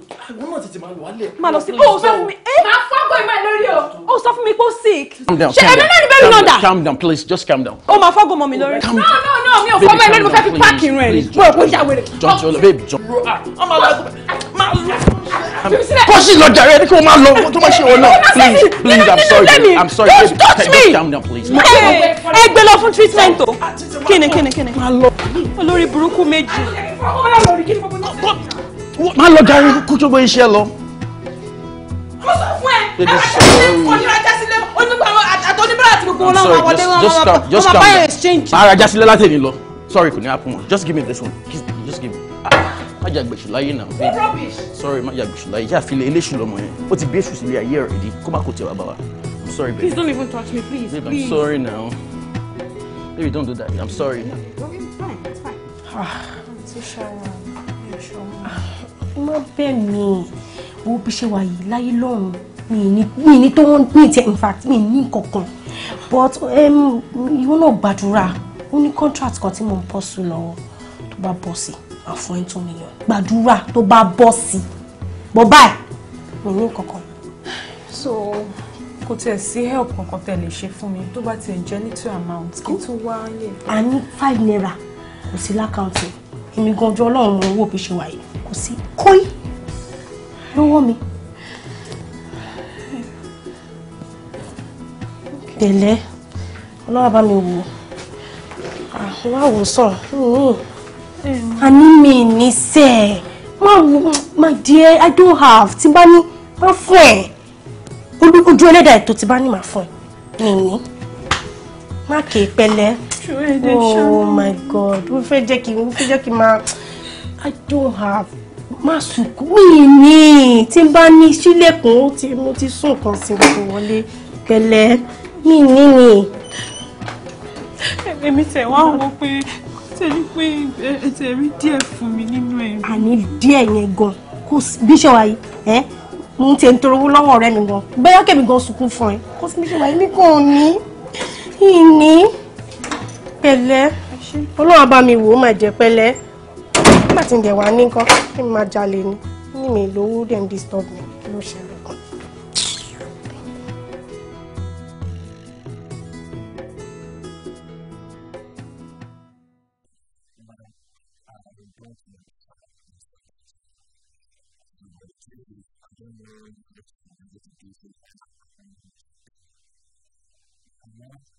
àwọn náà tètè máa lọ wálé. máa lọ sí o sọ fún mi. Eh? máa fọ́ àgọ́ ìmọ̀ ẹ̀ lórí o. o sọ fún mi pé ó sick. Calm down, náà ni bẹ́ẹ̀ mi náà dà. calm down please just calm down. o máa fọ́gọ́ mọ́ mi lórí. no no no mi ò fọ́ mọ́ ẹ lórí mo fẹ́ fi páàkì irun ẹ̀ ni mo rò pé ó jà wèrè. jọjọ lọ babe jọ. ọmọ aláàgọ́ máa lọ. kó sì lọ jàre ẹni kí wọ́n máa lọ tó máa ṣe wọn náà please please i'm sorry i'm sorry babe just calm down please. ẹ gbé lọ fún treatment o ah, kíni kíni kíni olórí burúkú méjì má lọ darí kú tó bọ́ iṣẹ́ lọ. mo sọ fún ẹ ẹ bá ṣe kọjá jásílẹ̀ onígbàwọ̀ àti oníbàárà àti gbogbo wọn náà wọn wọlé wọn wọn máa bá exchange. máa ra jásílẹ̀ látẹ̀mí lọ sorry kò ní happen just give me this one just give me ah, má jà gbèsè láyé náà babe sorry má jà gbèsè láyé yá àfilẹ̀ eléṣù lọmọ yẹn ó ti bí èṣù sílé ayé rẹ̀ di kó má kó tẹ̀ wá bá i'm sorry babe. please don't even touch me please. sorry now baby don't do that i'm sorry. it's fine it's fine. Ah. i'm too sure má bẹ̀ mí wo bí ṣe wà yìí láyé lọ́run mi ní tó ń pín ìtẹ̀ in mi ní kankan but ìwọ náà gbàdúrà ó ní contract kan tí mo ń pọ̀ sí lọ́wọ́ tó bá bọ́ sí máa fún ẹ̀ tó mílíọ̀nù gbàdúrà tó bá bọ́ sí bọ́ báyìí mi ní kankan. so kò tiẹ̀ sí help kankan tẹ̀ lè ṣe fún mi tó bá tiẹ̀ jẹ́ ní two amount kí tó wá lè. a ní five naira kò sí lákàntì èmi gan ọjọ́ ọlọ́run owó bí ṣe wà yìí kò sí kóí lọ́wọ́ mi. pẹ̀lẹ́ ọlọ́wà bá mi wò wá wò sàn àní mi ní sẹ́ ẹ̀ má wò my dear i don't have tí bá ní má fún ẹ̀ ojú ẹlẹ́dàá ètò tí bá ní má fún ẹ̀ mi ní má kéé pẹ̀lẹ́ oh my god wọ́n fẹ́ jẹ́ kí wọ́n fẹ́ jẹ́ kí n máa. I don't have má sunkún mi ní tí n bá ní sílẹ̀kùn ó ti mo ti sún nǹkan sí nǹkan wọlé gẹlẹ́ mi ní ni. èmi tẹ̀ wá wo pé tẹ̀lé pé ẹ̀tẹ̀ díẹ̀ fún mi nínú ẹ̀. àní díẹ̀ yẹn gan kò bí ṣe wáyé ẹ mo ti ń tọrọ owó lọ́wọ́ ọ̀rẹ́ mi gan bẹ́ẹ̀ kẹ́mi gan sunkún fún ẹ kò sí bí ṣe wáyé mi kàn ní ìní pẹ̀lẹ́ ọlọ́run bá mi wò ó mà jẹ́ pẹ̀lẹ́ nígbà tí ń dẹ̀ wá ní nǹkan kí n máa jalè ni ní mi lówó dem disturb mi ló ṣẹlẹ̀. Thank you.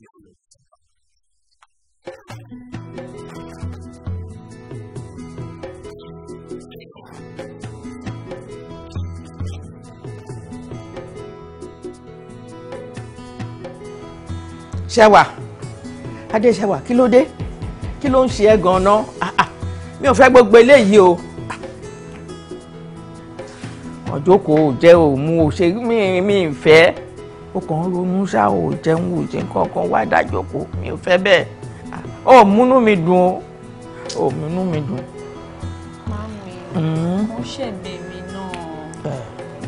ṣẹwà adéṣẹwà kí ló dé kí ló ń ṣe ẹ́ ganan ah, ah, mi ò fẹ́ gbogbo eléyìí o ọjọ́ kò jẹ́ òmu ò ṣe mí mi fẹ́ ó kàn ń ronú ṣá ò jẹun ò jẹ nǹkan kan wá dájòkó mi ò fẹ́ bẹ́ẹ̀ ó múnú mi dùn ó múnú mi dùn. mami ó hmm? ṣẹ̀bẹ̀ mi náà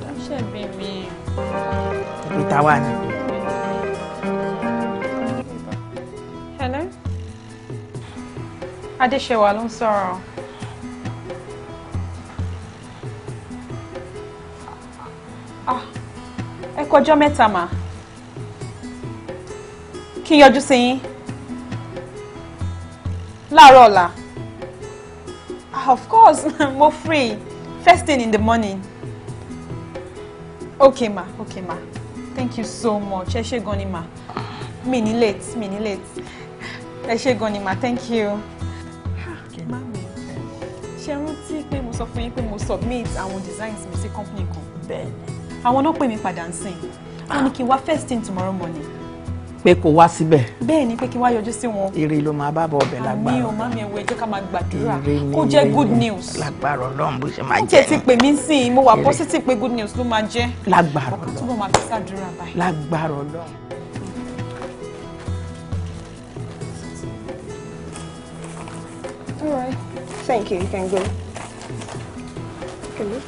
ó ṣẹ̀bẹ̀ mi. ìta wà ní. hello adéṣèwà ló ń sọ̀rọ̀. kọjọ́ mẹ́ta mà kí n yọjú sí yín láàárọ̀ ọ̀la ah, of course mo free first thing in the morning okay ma okay ma thank you so much ẹ ṣé gan ni ma mi ni late mi ni late ẹ ṣé gan ni ma thank you ah, ṣe rántí pé mo sọ fún yín pé mo submit àwọn designs mi sí company kan. bẹ́ẹ̀ni àwọn náà pè mí padà ń sìn wọ́n ní ah. kí n wá first thing tomorrow morning. pé kò wá síbẹ̀. bẹ́ẹ̀ ni pé kí n wá yọjú sí wọn. ire ló máa bá bọ ọbẹ̀ lágbára. àmì ò mi ẹ̀wọ̀ jẹ́ ká máa gbàdúrà kó jẹ́ good news. lágbára Ọlọ́run bó ṣe máa jẹ́. oúnjẹ ti pè mí sí mo wà positive pé good news ló máa jẹ́. lágbára Ọlọ́run túbọ̀ máa fi sàdúrà lágbára Ọlọ́run. All right. Thank you. You can go. Can you?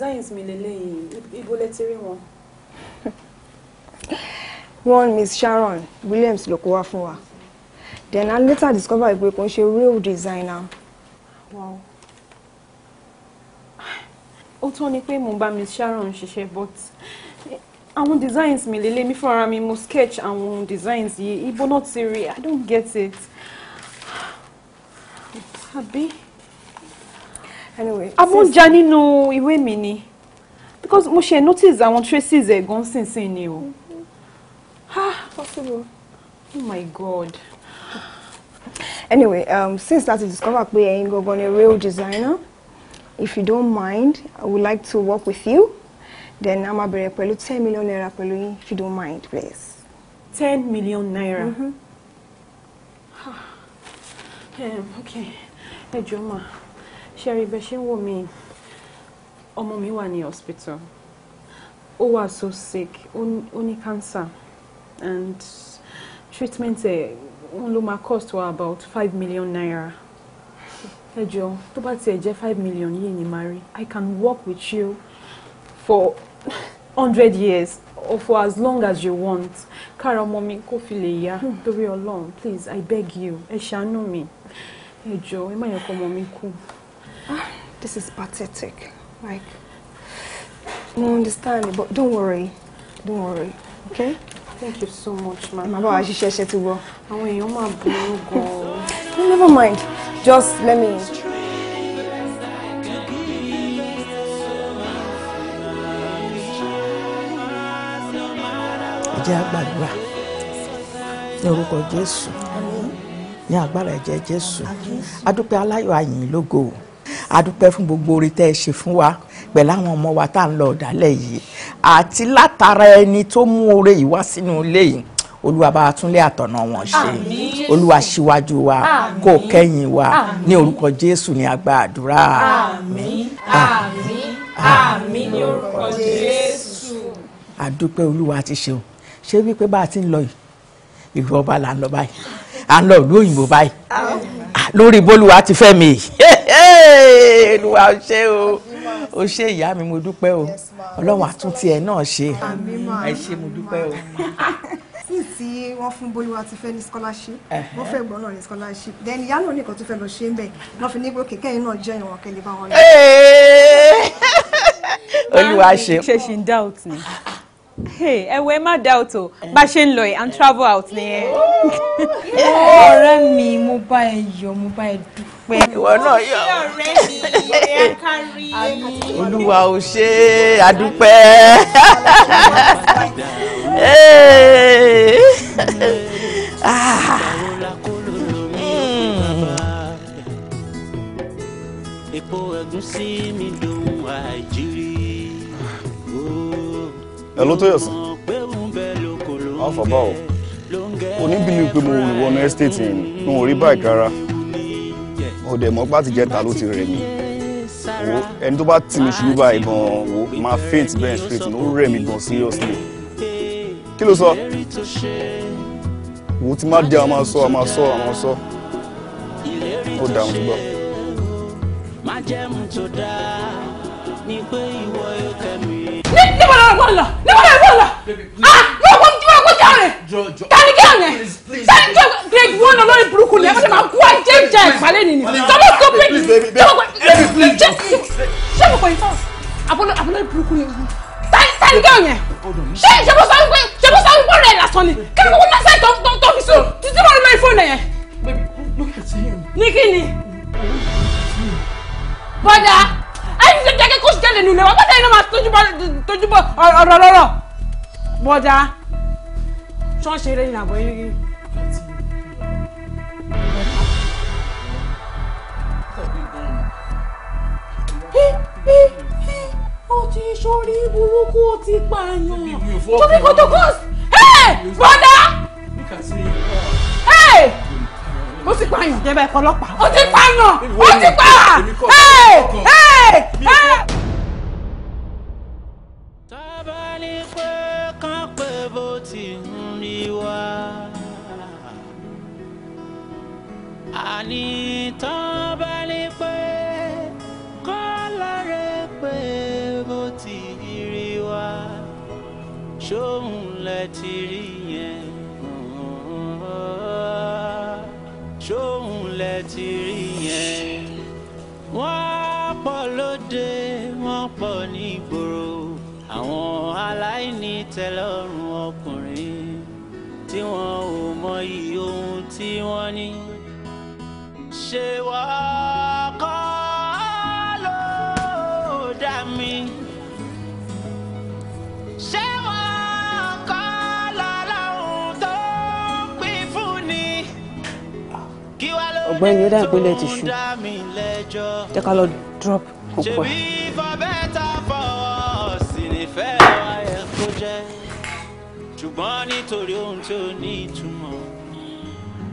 designs mi lélẹ́yìn ibo lẹ ti rí wọn. one miss sharon williams ló kó wá fún wa then i later discover pé kò ń ṣe real designer. wow ó tọ́ ni pé mo bá miss sharon ṣiṣẹ́ but àwọn designs mi lélẹ́ mi fúnra mi mo sketch àwọn designs yìí ibo náà ti rí i don't get it àbí anyway amóúnjà nínú ìwé mi ni because mo ṣe notice àwọn traces ẹ̀ gan sínsìn ni o ah possible oh my god anyway um, since that is discover pé ẹ̀yin gangan ni real designer if you don't mind i would like to work with you then a máa bẹ̀rẹ̀ pẹ̀lú ten million naira pẹ̀lú yín if you don't mind please. ten million naira. Mm -hmm. um, okay Hey, jọ̀ọ́ Sherry, bẹ́ẹ̀ ṣe ń wò mí ọmọ mi wà ní hospital ó wà so sick ó ní cancer and treatment ẹ̀ ń ló máa cost wa about five million naira ẹ jọ tó bá tiẹ̀ jẹ́ five million yìí ni màá I can work with you for hundred years or for as long as you want kára ọmọ mi kó fi lè yá hmm. torí Ọlọ́run please I beg you ẹ ṣàánú mi ẹ jọ ẹ má yẹ kó ọmọ mi kú. This is pathetic. Like, no understand, but don't worry. Don't worry, okay? Thank you so much, ma'am. Màmá I ṣiṣẹ́ share ti wọ. Àwọn èèyàn máa burú gan-an. Never mind. Just let me. Ẹ jẹ́ àgbàdúrà ní orúkọ Jésù ní agbára ẹ̀jẹ̀ Jésù adúpẹ́ aláyọ̀ àyìn lógo o adúpẹ́ fún gbogbo oore tẹ́ ẹ ṣe fún wa pẹ̀lú àwọn ọmọ wa tá à ń lọ ọ̀dàlẹ̀ yìí àti látara ẹni tó mú oore yìí wá sínú ilé yìí olúwa bá wa túnlé àtọ̀nà wọn ṣe olúwa ṣíwájú wa kó kẹ́yìn wa ní orúkọ jésù ní àgbà àdúrà àmín àmín ní orúkọ jésù. àdúpẹ́ olúwa ti ṣeun ṣé wípé bá a ti ń lọ yìí ìlú ọba là ń lọ báyìí à ń lọ ìlú òyìnbó báyìí lórí bólúwa ti fẹ́ mi Olúwa o ṣé o o ṣé ìyá mi mo dúpẹ́ o Ọlọ́run àtúntì ẹ̀ náà ṣe ẹ ṣé mo dúpẹ́ o. sí tí wọ́n fún bóyá ti fẹ́ ní scholarship wọ́n fẹ́ gbọ́n náà ní scholarship then ìyá náà nìkan tó fẹ́ lọ ṣe ń bẹ̀ wọ́n fi ní gbòkè kẹ́yìn náà jẹ́ ìwọ̀n kẹ́lẹ́ bá wọn lọ. Olúwa ṣe. ṣe ṣe ń dá òtún ẹwẹ má doubt o bá ṣe ń lọ yìí and travel out nìyẹn. ọ̀rẹ́ mi mo bá ẹ yọ̀ mo bá ẹ dùn pé ìwọ náà yọ. olúwa ò ṣe àdúpẹ́. epo ẹ̀gúsí mi dùn àìjírí. ẹ ló tó yẹ sùn. àwọn fàbá o oníbìlì pé mo wọ ní ẹ́stéètì yìí ni mo rí báyìí rárá ó dẹ̀ mọ́ pàtì jẹ́ta ló ti rẹ̀ mí wo ẹni tó bá tì mí ṣubú báyìí gan-an wo máa faint bẹ́ẹ̀ straight ó rẹ̀ mí gan seriously kí ló sọ wo ti má dé àwọn máa sọ àwọn máa sọ àwọn máa sọ ó dàrún tó gbọ́. níbo ah, ni wọ́n lọ níbo ni wọ́n lọ ah wọ́n wọ́n ti wọ́n kó jáde tani kí ọ̀nẹ́. pain ni tọ́lọ́ kó pain ni tọ́lọ́ kó pain ni ṣé mo kọ́ yìí tán abọ́lọ́ abọ́lọ́ burúkú ni sani kẹ́ ọ̀yẹ́ ṣé ṣe mo sọ wípé ṣe mo sọ wípé rẹ̀ lásán ni kí ni mo náà sẹ́yìn tó tó fi sùn títí mo rí lórí fóònù yẹn. ní kí ni. bọ́dà ẹni tó jẹ́ kí kó sì jẹ́lẹ̀ nílé wa bọ́dà yìí ló máa tójú bọ́ ọ̀rọ̀ lọ́rọ̀ bọ́dà ṣọ́ọ̀ṣì rẹ̀ ní àbọ̀ yìí. before. Tobi go to ghost. Hey, brother. Look at me. Hey. Ó ti pààyàn. Jẹ́bẹ̀ ẹ̀kọ́ ọlọ́pàá. Ó ti pààyàn. Ó ti pààyàn. Hey. ọ̀gbẹ́ni ó dá ìpínlẹ̀ ti ṣù jẹ́ ká lọ drop kó pẹ́. ṣùgbọ́n nítorí ohun tí ó ní ìtumọ̀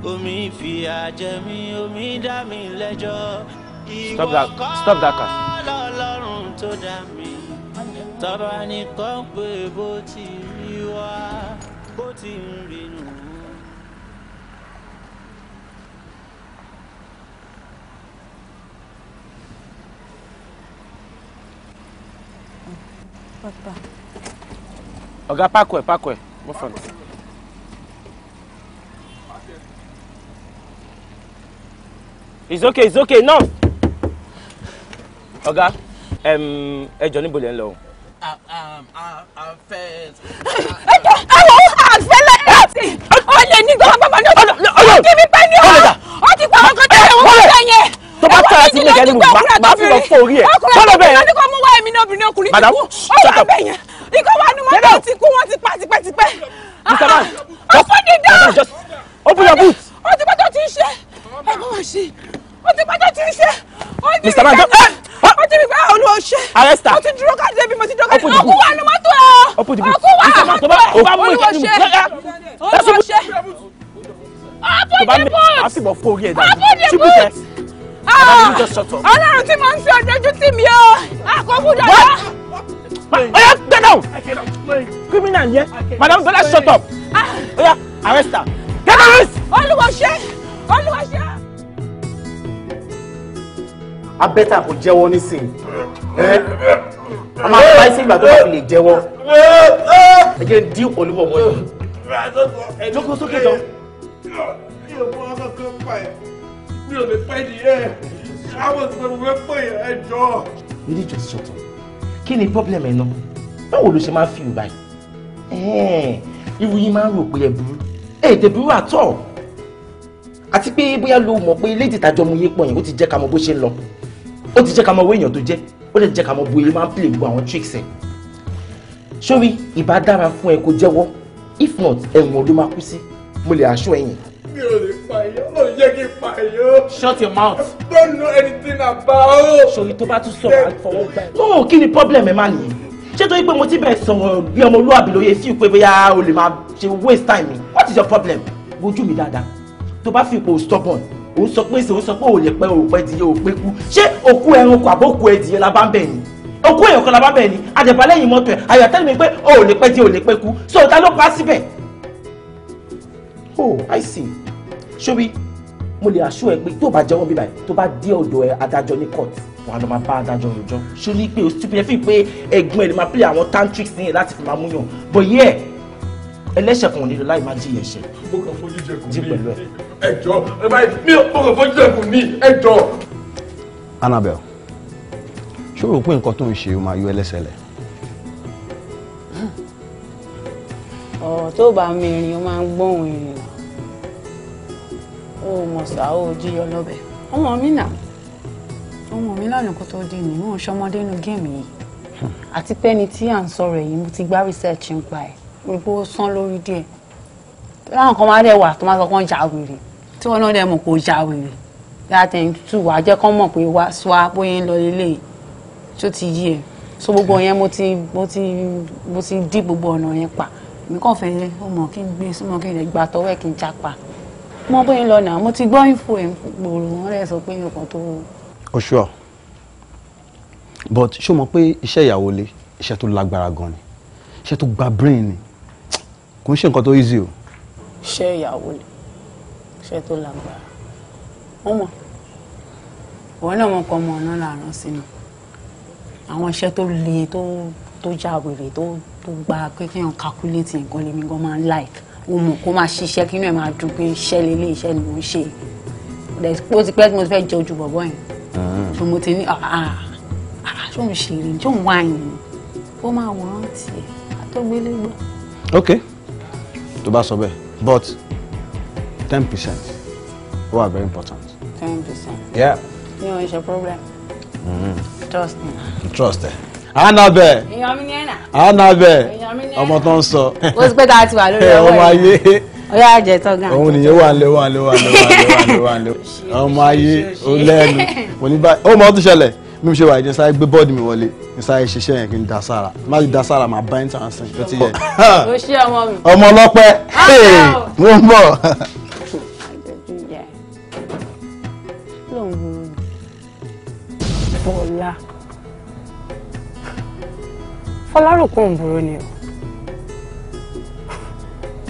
omi fi àjẹ mi omi dá mi lẹ́jọ́ ìwọ kọ́ lọ́lọ́run tó dá mi tọ́ba nìkan pé bó ti rí wá bó ti ń rìn. ọ̀gá pákó ẹ̀ pákó ẹ̀ mo fọ̀n. it's okay it's okay No. ọ̀gá ẹjọ́ níbo lẹ́ ń lọ. Um, ẹjọ́ àwọn àfẹ́lẹ́ láti ọ̀lẹ́ nígbà wọn bá ní ọ̀dọ̀ kí mi pẹ́ ní ọ̀rọ̀ ọ̀tí pa ọkọ̀ tẹ̀lé wọn bá yẹn tó bá tara sí nìkan ni mo máa fi lọ fún orí ẹ tọ́lọ̀ bẹ́ẹ̀. ọkùnrin kan mú wá èmi ní obìnrin ọkùnrin ti kú ọ̀rọ̀ bẹ́ẹ̀ yẹn ikọ̀ wa ni mọ́tò ti kú wọ́n ti pa tipẹ́tipẹ́. mr man ah, just just open your boot. o ti pẹ́tọ́ ti ń ṣe ẹ mọ̀ wá sí o ti pẹ́tọ́ ti ń ṣe ó ti mr man o ti gbẹ́ olùwọ̀ṣẹ́ arresta o ti dúró káàdì débi mo ti dúró káàdì ọkú wa ni mọ́tò ọ ọkú wa olùwọ̀ṣẹ́ olùwọ̀ṣẹ́ ọ̀pọ̀ dìbò ọ̀pọ̀ dìbò. Ah! ọlọ́run tí mo ń fi ọjọ́jú tì mí o àkókò dọ̀dọ̀. oya get down criminal yẹn madam Bola shut up ah! oya arrest her get ah! arrest. olùwọ̀ṣẹ́ olùwọ̀ṣẹ́. abẹ́tà kò jẹ́wọ́ nísìnyí eh? a máa bá ẹsẹ̀ ìgbà tó bá fi lè jẹ́wọ́ ẹ jẹ́ dí olúbọ̀ wọ̀ yìí. ẹ jókòó sókè jọ. mi ò mọ ọkọ̀ kan pa ẹ̀ mi ò lè pẹ́ nìyẹn àwọn ìgbẹ́ mi for your head, ẹ jọ. you need shut up Can ni problem ẹ náà báwo ló ṣe máa ń fi ìgbà yìí irú yín máa ń rò pé ẹ the ẹ ètè burú àtọ̀ àti pé bóyá lo mọ̀ pé lady tàjọ mu yé pọ̀ yẹn ó ti jẹ́ ká mọ bó ṣe ń lọ ó ti jẹ́ ká mọ owó èèyàn tó jẹ́ ó lè jẹ́ ká mọ bó yẹ máa ń play gbogbo àwọn tricks ẹ̀ sórí ìbá dára fún ẹ kó jẹ́wọ́ if not ẹ̀wọ̀n ló máa kú sí mo lè aṣọ ẹ̀yìn. mi ò lè pààyàn ó yẹ kí n pààyàn. shut your mouth. I don't know anything about. sori tó bá to sọ̀rọ̀ àfọwọ́gbà ẹ̀. no oh, kí ni problem ẹ̀ máa nìyí ṣé torí pé mo ti bẹ̀rẹ̀ sọ̀rọ̀ bí ọmọlúwàbí lóye sí pé bóyá o lè máa ṣe waste time mi what is your problem? wojú mi dáadáa tó bá fi ipò stubborn ò ń sọ pé ṣe ò ń sọ pé ò lè pẹ́ ò pẹ́ di ò pé kú ṣé òkú ẹranko àbókù ẹdìyẹ la bá ń bẹ̀ ni òkú èèyàn kan la bá bẹ̀ ni àjẹbálẹ̀ yìí mọ́tò ẹ̀ ayọ̀ tẹ́lẹ̀ mi pé ò lè pẹ́ di ò lè pẹ́ kú so ta ló pa síbẹ̀? oh I see ṣóbi mo lè aṣọ ẹ pé tó bá jẹ́wọ́ bíbáyìí tó bá dé ọ̀dọ̀ ẹ adájọ́ ní court wà á lọ máa bá adájọ́ rojọ́ ṣórí pé o stupid ẹ fi pé ẹ̀gbọ́n ẹ lè máa play àwọn tantrics nìyẹn láti fi máa mú yàn but yeah ẹlẹ́ṣẹ̀ kan ò nílò láì máa jìyà ẹ̀ṣẹ̀. mo kàn fojú jẹkùn ní ẹjọ́ ẹ báyìí mi ò mo kàn fojú jẹkùn ní ẹjọ́. Annabelle ṣó rò pé nǹkan tó ń ṣe máa yọ ẹlẹ́sẹ̀ lẹ̀. ọ̀rọ̀ tó bá mi rìn ó máa ń gbóhùn ìrìn ó mọ̀ sá ó jíyọ lọ́bẹ̀ ọmọ mi nà ọmọ mi lánàá kó tó dé nìyí mò ń ṣọmọdé inú géèmù yìí àti pé ẹni tí à ń sọ̀rọ̀ yìí mo ti gbá research ń pa ẹ̀ gbogbo sán lórí díẹ̀ láwọn kan máa dẹ̀ wà tó máa sọ pé ń ja wèrè tí wọ́n náà dẹ̀ mọ̀ kó ja wèrè láti ẹ̀ tù wá jẹ́ kán mọ̀ pé wá sọ́wọ́ bóyá ń lọ ilé tó ti yí ẹ̀ so gbogbo yẹn mo ti mo ti mo ti dí gbogbo ọ̀nà yẹn pa èmi kàn fẹ́ ó mọ̀ kí n gbé súnmọ́ kí n lè gbà tọ́wọ́ ẹ̀ kí n já pa mo bóyá lọ nà mo ti gbọ́ ìfò ẹ̀ wọn rẹ̀ sọ pé mi tó. o oh, sure but ṣó mọ̀ pé iṣẹ́ ìyàwó lé iṣẹ́ tó lágbára gan ni iṣẹ́ tó gba brain ni kò ń ṣe nǹkan tó easy o. iṣẹ́ ìyàwó lé iṣẹ́ tó lágbára wọ́n mọ̀ òun náà wọn kọ ọmọ ọ̀nà làárọ̀ sínú àwọn iṣẹ́ tó le tó tó jáwèrè tó tó gba pé kéèyàn calculate nǹkan lèmi gan máa ń like mọ̀ kó máa ṣiṣẹ́ kí inú ẹ̀ máa dùn pé iṣẹ́ lélẹ̀ iṣẹ́ ni mò ń ṣe ó ti pẹ́ tí mo fẹ́ jẹ ojú bọ̀bọ̀ yẹn tó ah. mo ti ní ah, ah, ṣó ń ṣe eré ṣó ń wá yẹn ó máa wòrán tiẹ̀ àtọ́gbélé gbọ́. ok tó bá sọ bẹ́ẹ̀ but ten percent ó wà very important. ten percent. yeah. ní o ṣe problem. Mm-hmm. trust me. trust ẹ. Eh. Annabel Annabel ọmọ tó ń sọ. ó ti pẹ́ tá a ti wà lórí ọwọ́ yìí ọmọ ayé ọyá àjẹ tọ́gàn. òun nìyẹn wà lé wà lé wà lé wà lé wà lé ọmọ ayé ó lẹ́nu mo ní báyìí ó mọ ọdún ṣẹlẹ̀ bí mo ṣe wà ní sáré gbé bọ́ọ̀dù mi wọlé ní sáré ṣiṣẹ́ yẹn kí n da sára má ti da sára má bá ń tàn sí i ó ti yẹ. o ṣe ọmọ mi. ọmọ ọlọ́pẹ́ mo ń bọ̀. ọlárùkọ òǹbòrò ni o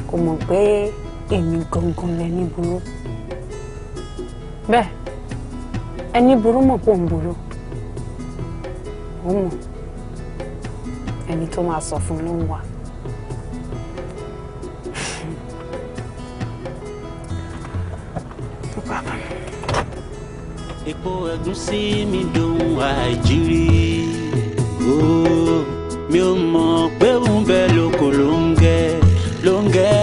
kò mọ̀ pé èmi gangan lẹni burú bẹ́ẹ̀ ẹni burú mọ̀ pé òǹbòrò ó mọ̀ ẹni tó máa sọ fún ló ń wà. epo ẹ̀gúsí mi dùn àjírí mi ò mọ̀ pé òun bẹ lóko ló ń gẹ ló ń gẹ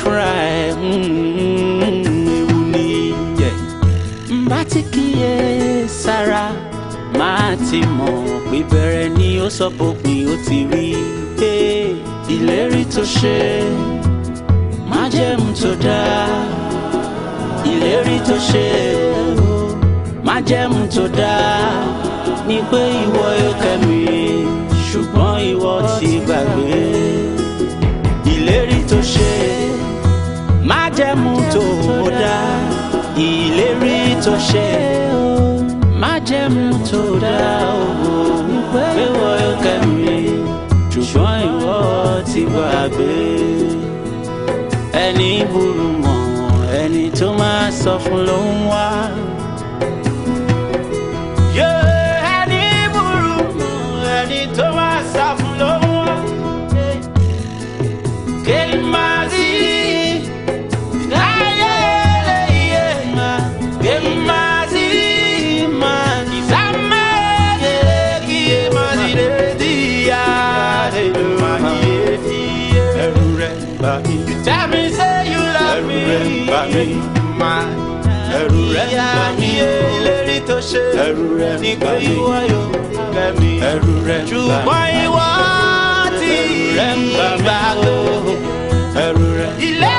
fúnra ẹ̀ mm-hmm, ewu ni yẹ. n bá ti kíyè sára máa ti mọ̀ pé bẹ̀rẹ̀ ni ó sọ fòpin ó ti rí pé ìlérí tó ṣe májẹ̀mú tó dáa ìlérí ni pé ìwọ yóò kẹ́ mi ìwọ ti gbàgbé ìlérí tó ṣe májẹ̀mú tó o dá ìlérí tó ṣe májẹ̀mú tó dá owó pé wọ́n yóò kẹ́mi ṣùgbọ́n ìwọ ti gbàgbé ẹni burú mọ́ ẹni tó máa sọ fún ló ń wá. mi má ẹrù rẹ gbà mí ìlérí tó ṣe ẹrù rẹ gbà mí ẹrù rẹ gbà mí ṣùgbọ́n ìwọ ti gbàgbọ́ ẹrù rẹ gbà mí.